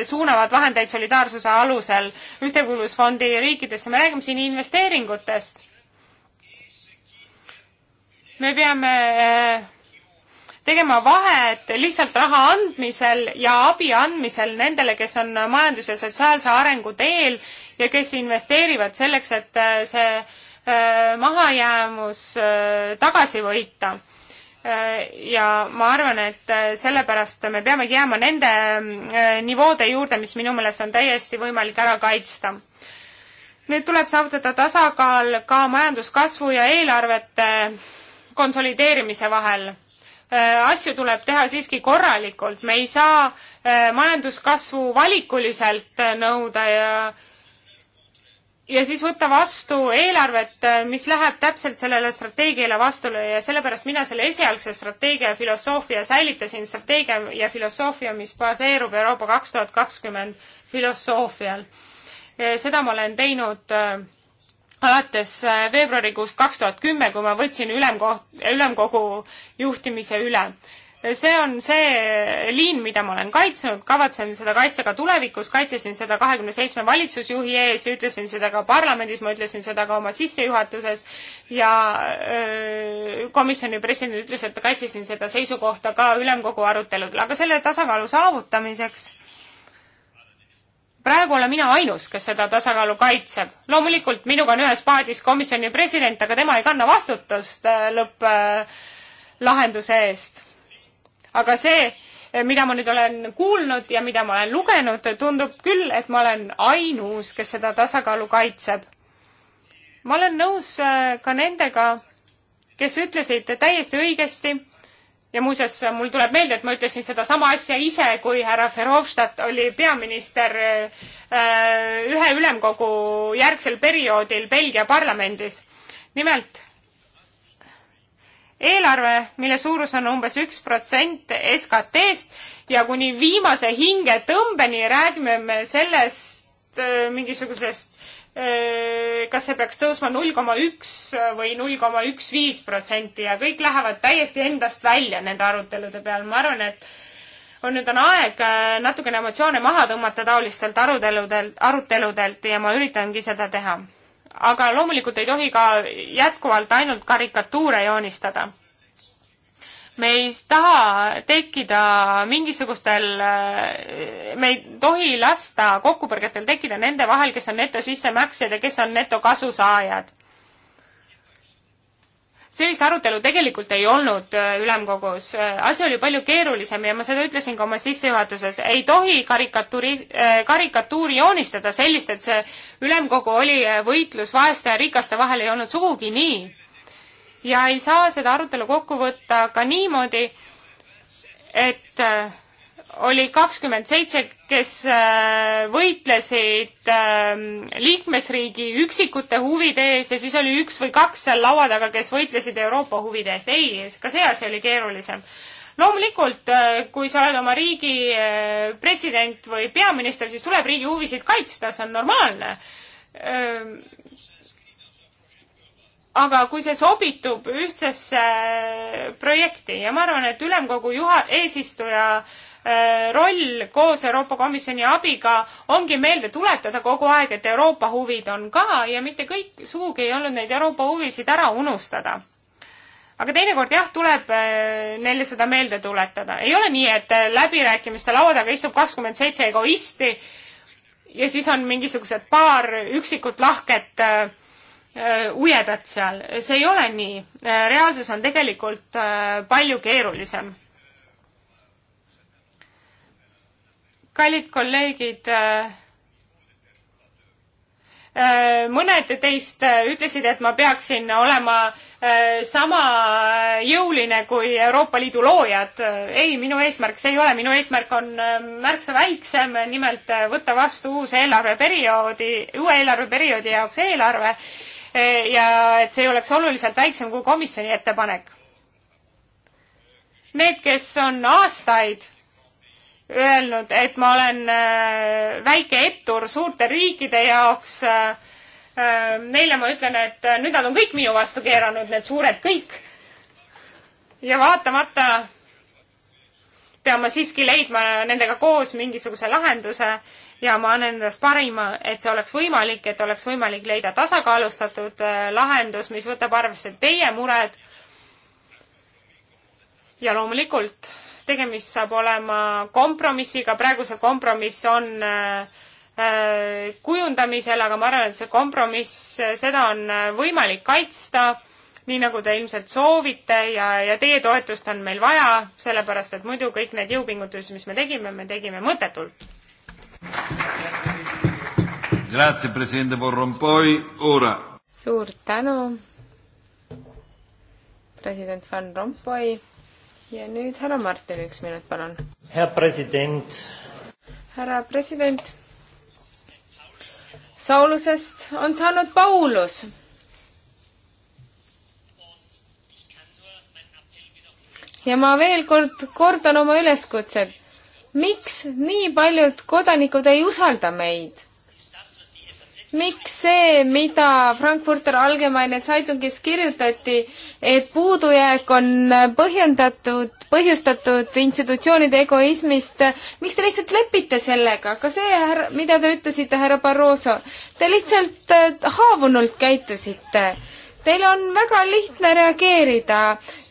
suunavad vahendeid solidaarsuse alusel Ühtekuuluvusfondi riikidesse, me räägime siin investeeringutest. me peame tegema vahet lihtsalt raha andmisel ja abi andmisel nendele, kes on majandus- ja sotsiaalse arengu teel ja kes investeerivad selleks, et äh, see äh, mahajäämus äh, tagasi võita. ja ma arvan, et sellepärast me peamegi jääma nende nivoode juurde, mis minu meelest on täiesti võimalik ära kaitsta nüüd tuleb saavutada tasakaal ka majanduskasvu ja eelarvete konsolideerimise vahel Äh, asju tuleb teha siiski korralikult, me ei saa äh, majanduskasvu valikuliselt äh, nõuda ja ja siis võtta vastu eelarvet, mis läheb täpselt sellele strateegiale vastule ja sellepärast mina selle esialgse strateegia ja filosoofia säilitasin, strateegia ja filosoofia, mis baseerub Euroopa kaks tuhat kakskümmend filosoofial. seda ma olen teinud äh, alates äh, veebruarikuust kaks tuhat kümme, kui ma võtsin ülemkoht, ülemkogu juhtimise üle. see on see liin, mida ma olen kaitsnud, kavatsen seda kaitse ka tulevikus, kaitsesin seda kahekümne seitsme valitsusjuhi ees ja ütlesin seda ka parlamendis, ma ütlesin seda ka oma sissejuhatuses ja öö, äh, komisjoni president ütles, et kaitsesin seda seisukohta ka ülemkogu aruteludel, aga selle tasakaalu saavutamiseks praegu olen mina ainus, kes seda tasakaalu kaitseb. loomulikult minuga on ühes paadis komisjoni president, aga tema ei kanna vastutust äh, lõpplahenduse äh, eest. aga see, äh, mida ma nüüd olen kuulnud ja mida ma olen lugenud, tundub küll, et ma olen ainus, kes seda tasakaalu kaitseb. ma olen nõus ka nendega, kes ütlesid täiesti õigesti ja muuseas, mul tuleb meelde, et ma ütlesin sedasama asja ise, kui härra Verhofstadt oli peaminister äh, ühe ülemkogu järgsel perioodil Belgia parlamendis. nimelt eelarve, mille suurus on umbes üks protsent SKT-st ja kuni viimase hingetõmbeni räägime me sellest äh, mingisugusest Äh, kas see peaks tõusma null koma üks või null koma üks viis protsenti ja kõik lähevad täiesti endast välja nende arutelude peal. ma arvan, et on nüüd on aeg äh, natukene emotsioone maha tõmmata taolistelt aruteludelt, aruteludelt ja ma üritangi seda teha. aga loomulikult ei tohi ka jätkuvalt ainult karikatuure joonistada me ei taha tekkida mingisugustel, me ei tohi lasta kokkupõrgetel tekkida nende vahel, kes on netosissemaksjad ja kes on netokasusaajad. sellist arutelu tegelikult ei olnud äh, ülemkogus, äh, asi oli palju keerulisem ja ma seda ütlesin ka oma sissejuhatuses, ei tohi karikatuuri, äh, karikatuuri joonistada sellist, et see ülemkogu oli võitlus vaeste ja rikaste vahel, ei olnud sugugi nii ja ei saa seda arutelu kokku võtta ka niimoodi, et äh, oli kakskümmend seitse, kes äh, võitlesid ähm, liikmesriigi üksikute huvide ees ja siis oli üks või kaks seal laua taga, kes võitlesid Euroopa huvide eest. ei, ka see asi oli keerulisem. loomulikult, äh, kui sa oled oma riigi president või peaminister, siis tuleb riigi huvisid kaitsta, see on normaalne aga kui see sobitub ühtsesse äh, projekti ja ma arvan, et ülemkogu juha-, eesistuja äh, roll koos Euroopa Komisjoni abiga ongi meelde tuletada kogu aeg, et Euroopa huvid on ka ja mitte kõik sugugi ei olnud neid Euroopa huvisid ära unustada. aga teinekord jah, tuleb äh, neile seda meelde tuletada. ei ole nii, et läbirääkimiste laua taga istub kakskümmend seitse egoisti ja siis on mingisugused paar üksikut lahket äh, Äh, ujedad seal. see ei ole nii. Äh, reaalsus on tegelikult äh, palju keerulisem. kallid kolleegid, mõned teist ütlesid, et ma peaksin olema sama jõuline kui Euroopa Liidu loojad. ei, minu eesmärk see ei ole, minu eesmärk on märksa väiksem, nimelt võtta vastu uus eelarveperioodi, uue eelarveperioodi jaoks eelarve Eh, ja et see oleks oluliselt väiksem kui komisjoni ettepanek. Need, kes on aastaid öelnud, et ma olen eh, väike ettur suurte riikide jaoks, eh, neile ma ütlen, et nüüd nad on kõik minu vastu keeranud, need suured kõik. ja vaatamata pean ma siiski leidma nendega koos mingisuguse lahenduse ja ma annan endast parima, et see oleks võimalik, et oleks võimalik leida tasakaalustatud äh, lahendus, mis võtab arvesse teie mured. ja loomulikult tegemist saab olema kompromissiga, praegu see kompromiss on äh, äh, kujundamisel, aga ma arvan, et see kompromiss, seda on võimalik kaitsta, nii nagu te ilmselt soovite ja, ja teie toetust on meil vaja, sellepärast et muidu kõik need jõupingutusi, mis me tegime, me tegime mõttetult. Grazie, president Van Rompuy, ora. suur tänu, president Van Rompuy ja nüüd härra Martin, üks minut, palun. härra president. härra president. Saulusest on saanud Paulus. ja ma veel kord kordan oma üleskutset miks nii paljud kodanikud ei usalda meid? miks see, mida Frankfurter Allgemeine Zeitungis kirjutati, et puudujääk on põhjendatud, põhjustatud institutsioonide egoismist, miks te lihtsalt lepite sellega, ka see, mida te ütlesite, härra Barroso, te lihtsalt äh, haavunult käitusite Teil on väga lihtne reageerida.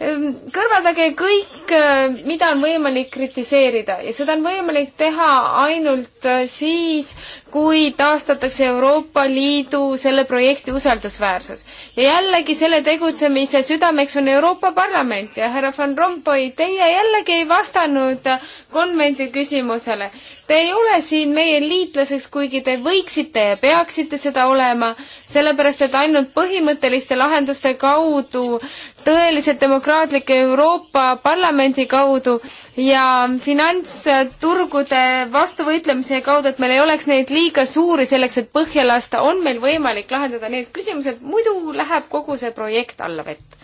Ehm, kõrvaldage kõik, ehm, mida on võimalik kritiseerida ja seda on võimalik teha ainult ehm, siis, kui taastatakse Euroopa Liidu selle projekti usaldusväärsus. ja jällegi selle tegutsemise südameks on Euroopa Parlament ja härra Van Rompuy, teie jällegi ei vastanud konvendi küsimusele. Te ei ole siin meie liitlaseks, kuigi te võiksite ja peaksite seda olema, sellepärast et ainult põhimõtteliste lahenduste kaudu tõeliselt demokraatliku Euroopa Parlamendi kaudu ja finantsturgude vastuvõitlemise kaudu, et meil ei oleks neid liiga suuri selleks, et põhja lasta, on meil võimalik lahendada need küsimused, muidu läheb kogu see projekt alla vett.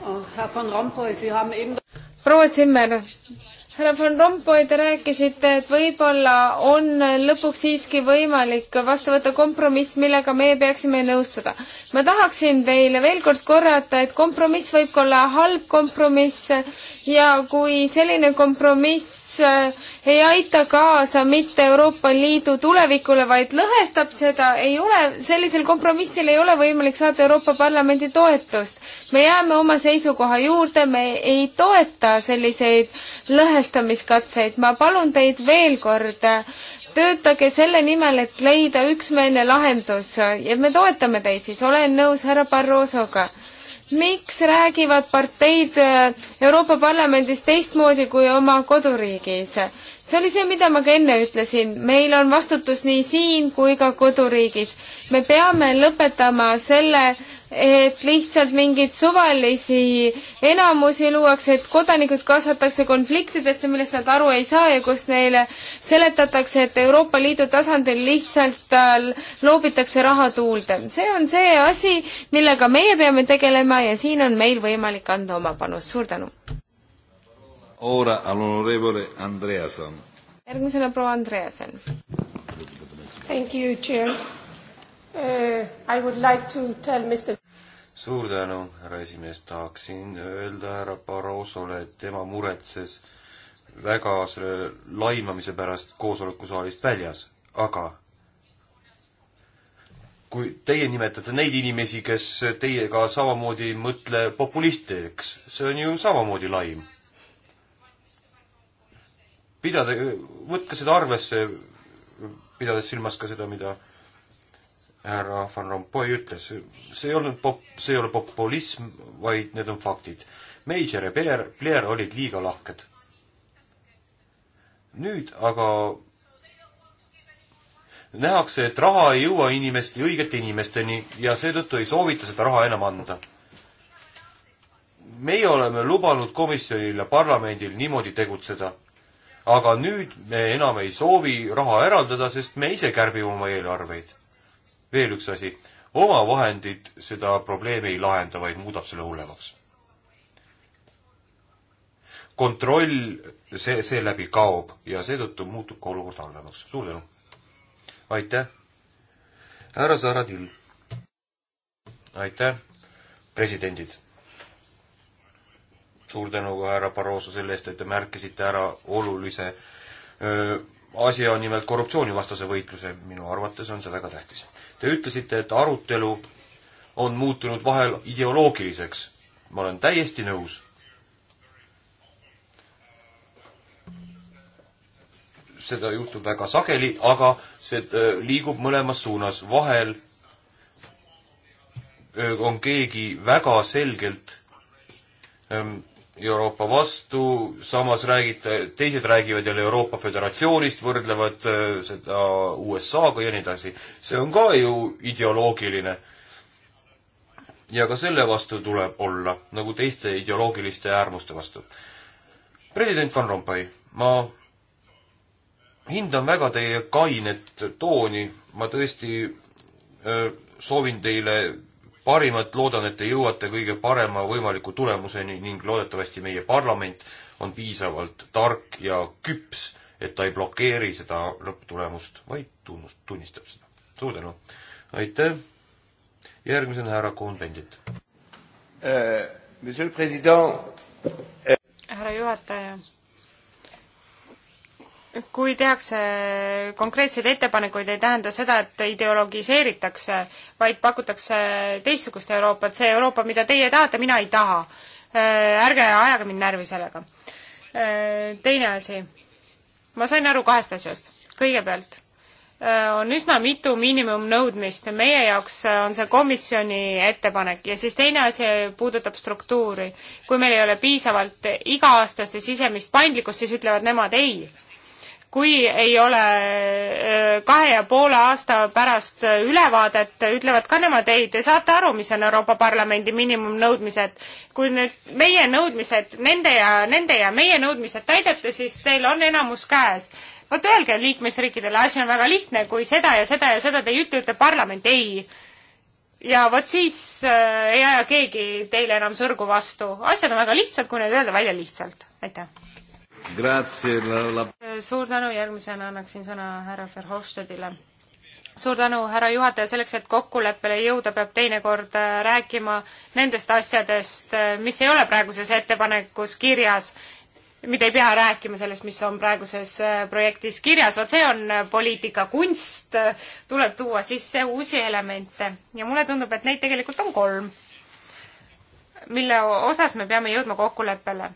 Oh, proua Zimmer, härra Van Rompuy, te rääkisite, et võib-olla on lõpuks siiski võimalik vastu võtta kompromiss, millega meie peaksime nõustuda. ma tahaksin teile veel kord korrata, et kompromiss võib ka olla halb kompromiss ja kui selline kompromiss Äh, ei aita kaasa mitte Euroopa Liidu tulevikule, vaid lõhestab seda, ei ole, sellisel kompromissil ei ole võimalik saada Euroopa Parlamendi toetust. me jääme oma seisukoha juurde, me ei toeta selliseid lõhestamiskatseid, ma palun teid veel kord, äh, töötage selle nimel, et leida üksmeelne lahendus ja me toetame teid siis, olen nõus härra Barrosoga miks räägivad parteid äh, Euroopa Parlamendis teistmoodi kui oma koduriigis? see oli see, mida ma ka enne ütlesin, meil on vastutus nii siin kui ka koduriigis. me peame lõpetama selle, et lihtsalt mingeid suvalisi enamusi luuakse, et kodanikud kaasatakse konfliktidesse, millest nad aru ei saa ja kus neile seletatakse, et Euroopa Liidu tasandil lihtsalt äh, loobitakse raha tuulde. see on see asi, millega meie peame tegelema ja siin on meil võimalik anda oma panus. suur tänu! ora all'onorevole Andreason. järgmisena proua Andreasen. Thank you, chair uh,. I would like to tell Mr. suur tänu, härra esimees, tahaksin öelda härra Barrosole, et tema muretses väga selle laimamise pärast koosolekusaalist väljas, aga kui teie nimetate neid inimesi, kes teiega samamoodi ei mõtle populistideks, see on ju samamoodi laim pidada, võtke seda arvesse, pidades silmas ka seda, mida härra Van Rompuy ütles, see ei olnud pop-, see ei ole populism, vaid need on faktid. Major ja Blair, Blair olid liiga lahked. nüüd aga nähakse, et raha ei jõua inimeste, õigete inimesteni ja seetõttu ei soovita seda raha enam anda. meie oleme lubanud komisjonil ja parlamendil niimoodi tegutseda aga nüüd me enam ei soovi raha eraldada, sest me ise kärbime oma eelarveid. veel üks asi, omavahendid seda probleemi ei lahenda, vaid muudab selle hullemaks. kontroll see, seeläbi kaob ja seetõttu muutub ka olukord halvemaks. suur tänu! aitäh! härra Saradil! aitäh, presidendid! suur tänu ka härra Barroso selle eest, et te märkisite ära olulise öö, asja, nimelt korruptsioonivastase võitluse, minu arvates on see väga tähtis. Te ütlesite, et arutelu on muutunud vahel ideoloogiliseks. ma olen täiesti nõus. seda juhtub väga sageli, aga see liigub mõlemas suunas. vahel on keegi väga selgelt Euroopa vastu, samas räägite, teised räägivad jälle Euroopa Föderatsioonist, võrdlevad äh, seda USA-ga ja nii edasi. see on ka ju ideoloogiline. ja ka selle vastu tuleb olla, nagu teiste ideoloogiliste äärmuste vastu. president Van Rompuy, ma hindan väga teie kainet tooni, ma tõesti öö, äh, soovin teile parimat, loodan, et te jõuate kõige parema võimaliku tulemuseni ning loodetavasti meie parlament on piisavalt tark ja küps, et ta ei blokeeri seda lõpptulemust, vaid tunnust, tunnistab seda. suur tänu! aitäh! järgmisena härra Kuhn-Pendit äh, äh,. härra juhataja kui tehakse konkreetseid ettepanekuid, ei tähenda seda, et ideologiseeritakse, vaid pakutakse teistsugust Euroopat, see Euroopa, mida teie tahate, mina ei taha. Äh, ärge ajage mind närvi sellega. Äh, teine asi. ma sain aru kahest asjast. kõigepealt äh, on üsna mitu miinimumnõudmist, meie jaoks on see komisjoni ettepanek ja siis teine asi puudutab struktuuri. kui meil ei ole piisavalt iga-aastast ja sisemist paindlikkust, siis ütlevad nemad ei kui ei ole äh, kahe ja poole aasta pärast äh, ülevaadet, ütlevad ka nemad ei, te saate aru, mis on Euroopa Parlamendi miinimumnõudmised. kui nüüd meie nõudmised, nende ja nende ja meie nõudmised täidate, siis teil on enamus käes. vot öelge liikmesriikidele, asi on väga lihtne, kui seda ja seda ja seda te ei ütle, ütleb parlament ei ja vot siis äh, ei aja keegi teile enam sõrgu vastu. asjad on väga lihtsad, kui need öelda välja lihtsalt. aitäh! suur tänu, järgmisena annaksin sõna härra Verhofstadile suur tänu, härra juhataja, selleks, et kokkuleppele jõuda, peab teinekord äh, rääkima nendest asjadest, äh, mis ei ole praeguses ettepanekus kirjas, mida ei pea rääkima sellest, mis on praeguses äh, projektis kirjas, vot see on poliitika kunst, tuleb tuua sisse uusi elemente ja mulle tundub, et neid tegelikult on kolm, mille osas me peame jõudma kokkuleppele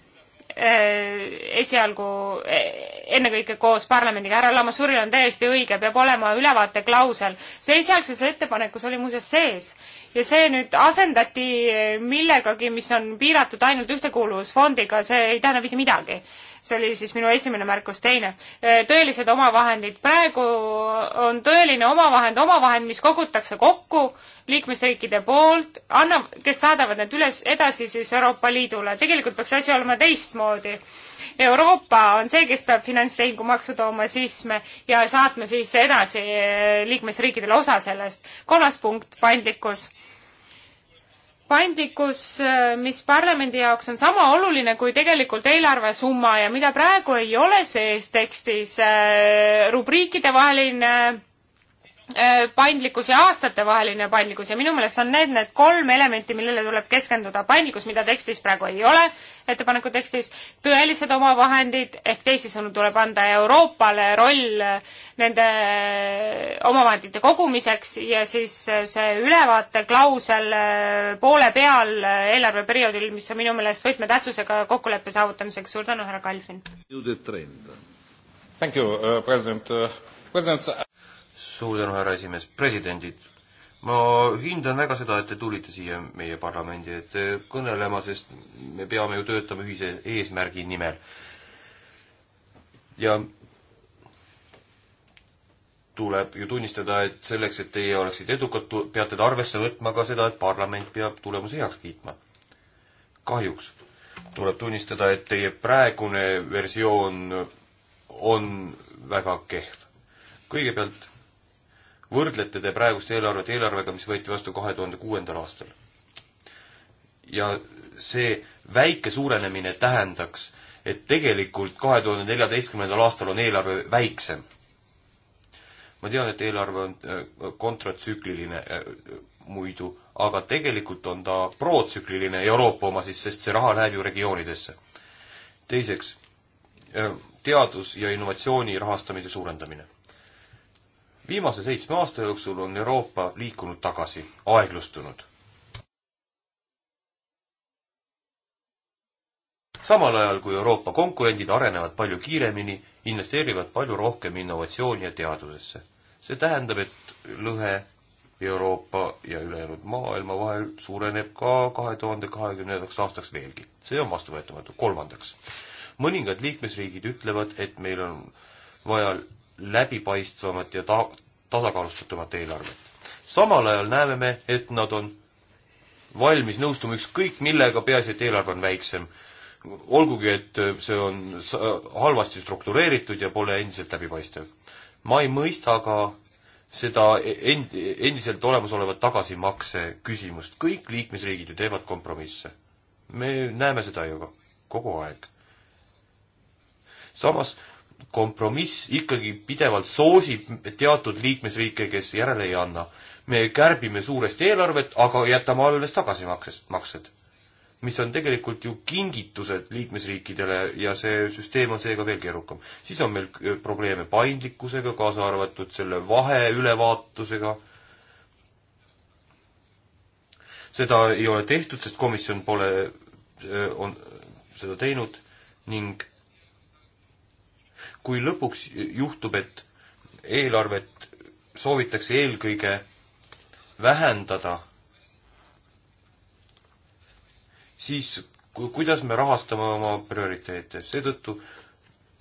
Äh, esialgu äh, ennekõike koos parlamendiga, härra Lamassuril on täiesti õige, peab olema ülevaateklausel. see esialgses ettepanekus oli muuseas sees ja see nüüd asendati eh, millegagi, mis on piiratud ainult ühtekuuluvusfondiga, see ei tähenda mitte midagi. see oli siis minu esimene märkus, teine. Eh, tõelised omavahendid, praegu on tõeline omavahend, omavahend, mis kogutakse kokku liikmesriikide poolt, annab, kes saadavad need üles edasi siis Euroopa Liidule, tegelikult peaks asi olema teistmoodi. Euroopa on see, kes peab finantstehingumaksu tooma sisse ja saatma siis edasi eh, liikmesriikidele osa sellest. kolmas punkt, paindlikkus paindlikkus, äh, mis parlamendi jaoks on sama oluline kui tegelikult eelarvesumma ja mida praegu ei ole sees tekstis, äh, rubriikide vaheline Äh, paindlikkus ja aastatevaheline paindlikkus ja minu meelest on need need kolm elementi, millele tuleb keskenduda. paindlikkus, mida tekstis praegu ei ole, ettepaneku tekstis, tõelised omavahendid ehk teisisõnu tuleb anda Euroopale roll äh, nende äh, omavahendite kogumiseks ja siis see ülevaateklausel poole peal eelarveperioodil, mis on minu meelest võtmetähtsusega kokkuleppe saavutamiseks. suur tänu, härra Kalvin! Thank you uh,, president uh,. President suur tänu, härra esimees. presidendid, ma hindan väga seda, et te tulite siia meie parlamendi ette kõnelema, sest me peame ju töötama ühise eesmärgi nimel. ja tuleb ju tunnistada, et selleks, et teie oleksite edukad, peate te arvesse võtma ka seda, et parlament peab tulemuse heaks kiitma. kahjuks tuleb tunnistada, et teie praegune versioon on väga kehv. kõigepealt võrdlete te praegust eelarvet eelarvega, mis võeti vastu kahe tuhande kuuendal aastal. ja see väike suurenemine tähendaks, et tegelikult kahe tuhande neljateistkümnendal aastal on eelarve väiksem. ma tean, et eelarve on äh, kontratsükliline äh, muidu, aga tegelikult on ta protsükliline Euroopa oma siis, sest see raha läheb ju regioonidesse. teiseks, äh, teadus- ja innovatsiooni rahastamise suurendamine viimase seitsme aasta jooksul on Euroopa liikunud tagasi, aeglustunud. samal ajal, kui Euroopa konkurendid arenevad palju kiiremini, investeerivad palju rohkem innovatsiooni ja teadusesse. see tähendab, et lõhe Euroopa ja ülejäänud maailma vahel suureneb ka kahe tuhande kahekümnendaks aastaks veelgi. see on vastuvõetamatu. kolmandaks, mõningad liikmesriigid ütlevad, et meil on vaja läbipaistvamat ja ta-, tasakaalustatumat eelarvet. samal ajal näeme me, et nad on valmis nõustuma ükskõik millega, peaasi, et eelarve on väiksem. olgugi, et see on halvasti struktureeritud ja pole endiselt läbipaistev. ma ei mõista aga seda e-, end-, endiselt olemasolevat tagasimakse küsimust, kõik liikmesriigid ju teevad kompromisse. me näeme seda ju kogu aeg. samas kompromiss ikkagi pidevalt soosib teatud liikmesriike, kes järele ei anna. me kärbime suurest eelarvet, aga jätame alles tagasimaksed, maksed. mis on tegelikult ju kingitused liikmesriikidele ja see süsteem on seega veel keerukam. siis on meil äh, probleeme paindlikkusega, kaasa arvatud selle vahe ülevaatusega. seda ei ole tehtud, sest komisjon pole, äh, on seda teinud ning kui lõpuks juhtub, et eelarvet soovitakse eelkõige vähendada, siis kuidas me rahastame oma prioriteete, seetõttu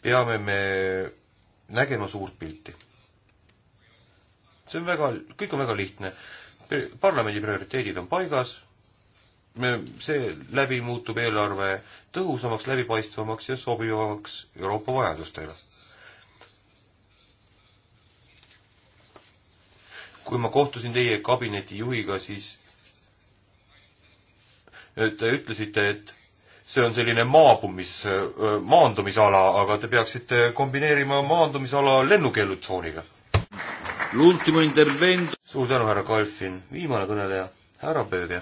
peame me nägema suurt pilti. see on väga, kõik on väga lihtne. parlamendi prioriteedid on paigas, me, seeläbi muutub eelarve tõhusamaks, läbipaistvamaks ja sobivamaks Euroopa vajadustele kui ma kohtusin teie kabineti juhiga, siis te ütlesite, et see on selline maabumis, maandumisala, aga te peaksite kombineerima maandumisala lennukeelutsooniga. suur tänu, härra Kalfin, viimane kõneleja, härra Pööge.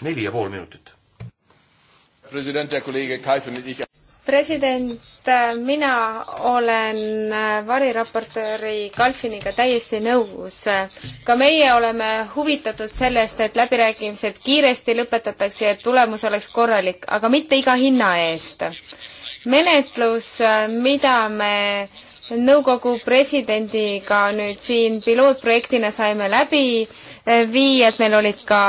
neli ja pool minutit. president, Äh, mina olen äh, variraportööri Kalfiniga täiesti nõus. ka meie oleme huvitatud sellest, et läbirääkimised kiiresti lõpetatakse ja et tulemus oleks korralik, aga mitte iga hinna eest. menetlus, äh, mida me nõukogu presidendiga nüüd siin pilootprojektina saime läbi eh, viia, et meil olid ka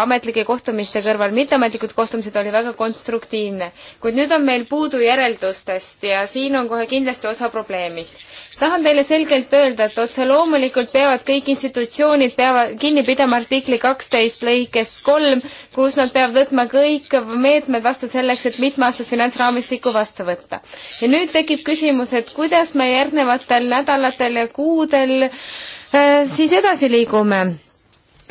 ametlike kohtumiste kõrval mitteametlikud kohtumised, oli väga konstruktiivne. kuid nüüd on meil puudu järeldustest ja siin on kohe kindlasti osa probleemist tahan teile selgelt öelda, et otse loomulikult peavad kõik institutsioonid peavad kinni pidama artikli kaksteist lõikest kolm, kus nad peavad võtma kõik meetmed vastu selleks, et mitmeaastast finantsraamistikku vastu võtta. ja nüüd tekib küsimus, et kuidas me järgnevatel nädalatel ja kuudel äh, siis edasi liigume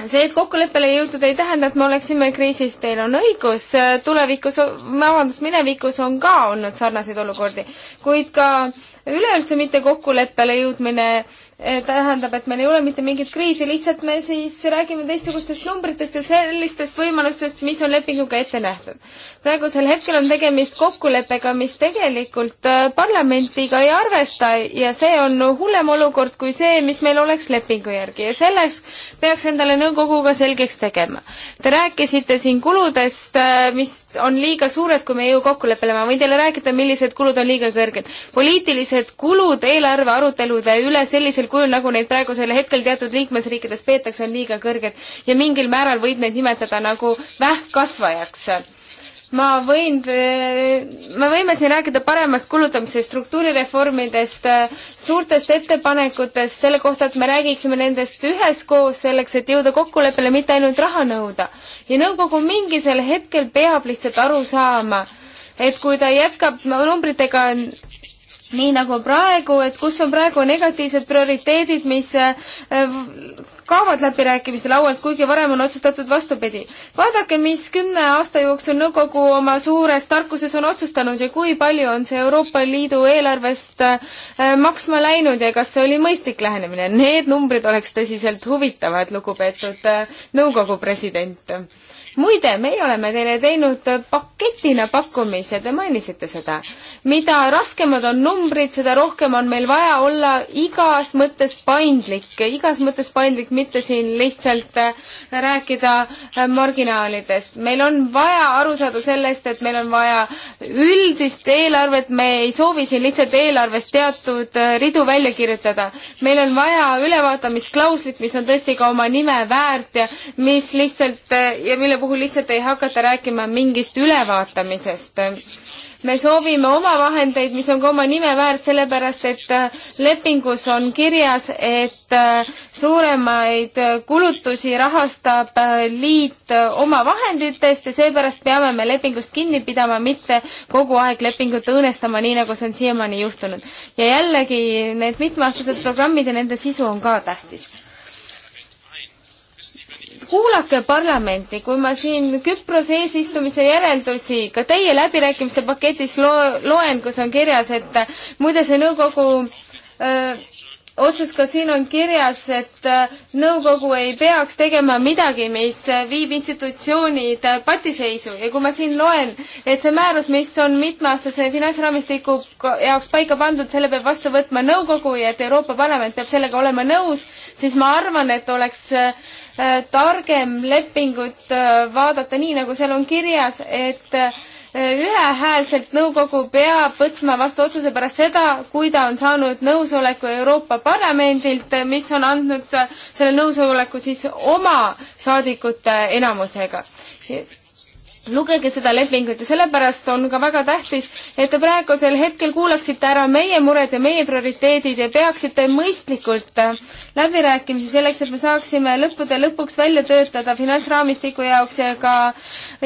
see, et kokkuleppele jõutud, ei tähenda, et me oleksime kriisis, teil on õigus, äh, tulevikus, vabandust, minevikus on ka olnud sarnaseid olukordi, kuid ka üleüldse mitte kokkuleppele jõudmine eh, tähendab, et meil ei ole mitte mingit kriisi, lihtsalt me siis räägime teistsugustest numbritest ja sellistest võimalustest, mis on lepinguga ette nähtud. praegusel hetkel on tegemist kokkuleppega, mis tegelikult eh, parlamendiga ei arvesta ja see on hullem olukord kui see, mis meil oleks lepingu järgi ja selles peaks endale nõukogu ka selgeks tegema. Te rääkisite siin kuludest, eh, mis on liiga suured, kui me ei jõua kokkuleppele, ma võin teile rääkida, millised kulud on liiga kõrged. poliitilise sellised kulud eelarve arutelude üle sellisel kujul, nagu neid praegusel hetkel teatud liikmesriikides peetakse, on liiga kõrged ja mingil määral võib neid nimetada nagu vähkkasvajaks ma võin, eh, me võime siin rääkida paremast kulutamisest, struktuurireformidest, eh, suurtest ettepanekutest, selle kohta, et me räägiksime nendest üheskoos selleks, et jõuda kokkuleppele, mitte ainult raha nõuda. ja nõukogu mingisel hetkel peab lihtsalt aru saama, et kui ta jätkab numbritega nii nagu praegu, et kus on praegu negatiivsed prioriteedid, mis äh, kaovad läbirääkimiste laualt, kuigi varem on otsustatud vastupidi. vaadake, mis kümne aasta jooksul nõukogu oma suures tarkuses on otsustanud ja kui palju on see Euroopa Liidu eelarvest äh, maksma läinud ja kas see oli mõistlik lähenemine. Need numbrid oleks tõsiselt huvitavad, lugupeetud äh, nõukogu president muide, meie oleme teile teinud paketina pakkumise, te mainisite seda. mida raskemad on numbrid, seda rohkem on meil vaja olla igas mõttes paindlik, igas mõttes paindlik, mitte siin lihtsalt äh, rääkida äh, marginaalidest. meil on vaja aru saada sellest, et meil on vaja üldist eelarvet, me ei soovi siin lihtsalt eelarvest teatud äh, ridu välja kirjutada. meil on vaja ülevaatamisklauslit, mis on tõesti ka oma nime väärt ja mis lihtsalt ja mille puhul lihtsalt ei hakata rääkima mingist ülevaatamisest. me soovime omavahendeid, mis on ka oma nime väärt, sellepärast et äh, lepingus on kirjas, et äh, suuremaid äh, kulutusi rahastab liit omavahenditest ja seepärast peame me lepingust kinni pidama, mitte kogu aeg lepingut õõnestama, nii nagu see on siiamaani juhtunud. ja jällegi, need mitmeaastased programmid ja nende sisu on ka tähtis kuulake parlamenti, kui ma siin Küprose eesistumise järeldusi ka teie läbirääkimiste paketis lo-, loen, kus on kirjas, et äh, muide, see nõukogu öö, äh, otsus ka siin on kirjas, et äh, nõukogu ei peaks tegema midagi, mis viib institutsioonid patiseisu ja kui ma siin loen, et see määrus, mis on mitmeaastase finantsraamistiku jaoks paika pandud, selle peab vastu võtma nõukogu ja et Euroopa Parlament peab sellega olema nõus, siis ma arvan, et oleks Eh, targem lepingut eh, vaadata nii, nagu seal on kirjas, et eh, ühehäälselt nõukogu peab võtma vastu otsuse pärast seda, kui ta on saanud nõusoleku Euroopa Parlamendilt, mis on andnud selle nõusoleku siis oma saadikute enamusega lugege seda lepingut ja sellepärast on ka väga tähtis, et te praegusel hetkel kuulaksite ära meie mured ja meie prioriteedid ja peaksite mõistlikult läbirääkimisi selleks, et me saaksime lõppude lõpuks välja töötada finantsraamistiku jaoks ja ka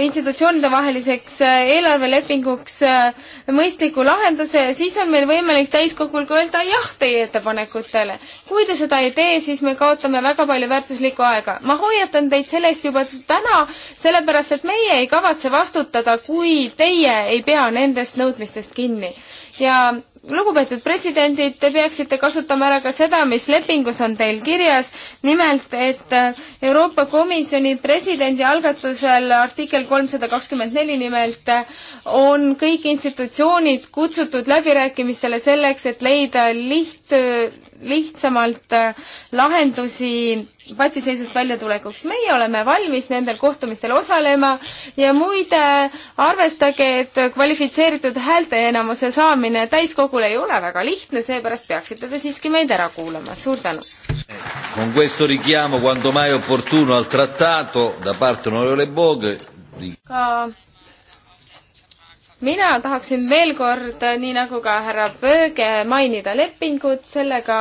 institutsioonide vaheliseks äh, eelarvelepinguks äh, mõistliku lahenduse ja siis on meil võimalik täiskogul ka öelda jah teie ettepanekutele. kui te seda ei tee, siis me kaotame väga palju väärtuslikku aega. ma hoiatan teid selle eest juba täna, sellepärast et meie ei kavatse vastutada, kui teie ei pea nendest nõudmistest kinni. ja lugupeetud presidendid, te peaksite kasutama ära ka seda, mis lepingus on teil kirjas, nimelt et äh, Euroopa Komisjoni presidendi algatusel artikkel kolmsada kakskümmend neli nimelt äh, on kõik institutsioonid kutsutud läbirääkimistele selleks, et leida liht, lihtsamalt äh, lahendusi patiseisust väljatulekuks. meie oleme valmis nendel kohtumistel osalema ja muide, arvestage, et kvalifitseeritud häälteenamuse saamine täiskogul ei ole väga lihtne, seepärast peaksite te siiski meid ära kuulama. suur tänu! Con questo richiamo quanto mai opportuno al trattato da parte onorevole Bog ka mina tahaksin veel kord, nii nagu ka härra Pööge, mainida lepingut, sellega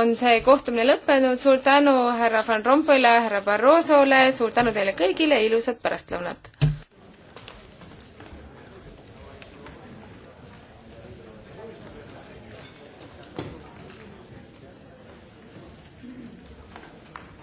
on see kohtumine lõppenud, suur tänu härra Van Rompuyle, härra Barrosole, suur tänu teile kõigile, ilusat pärastlõunat!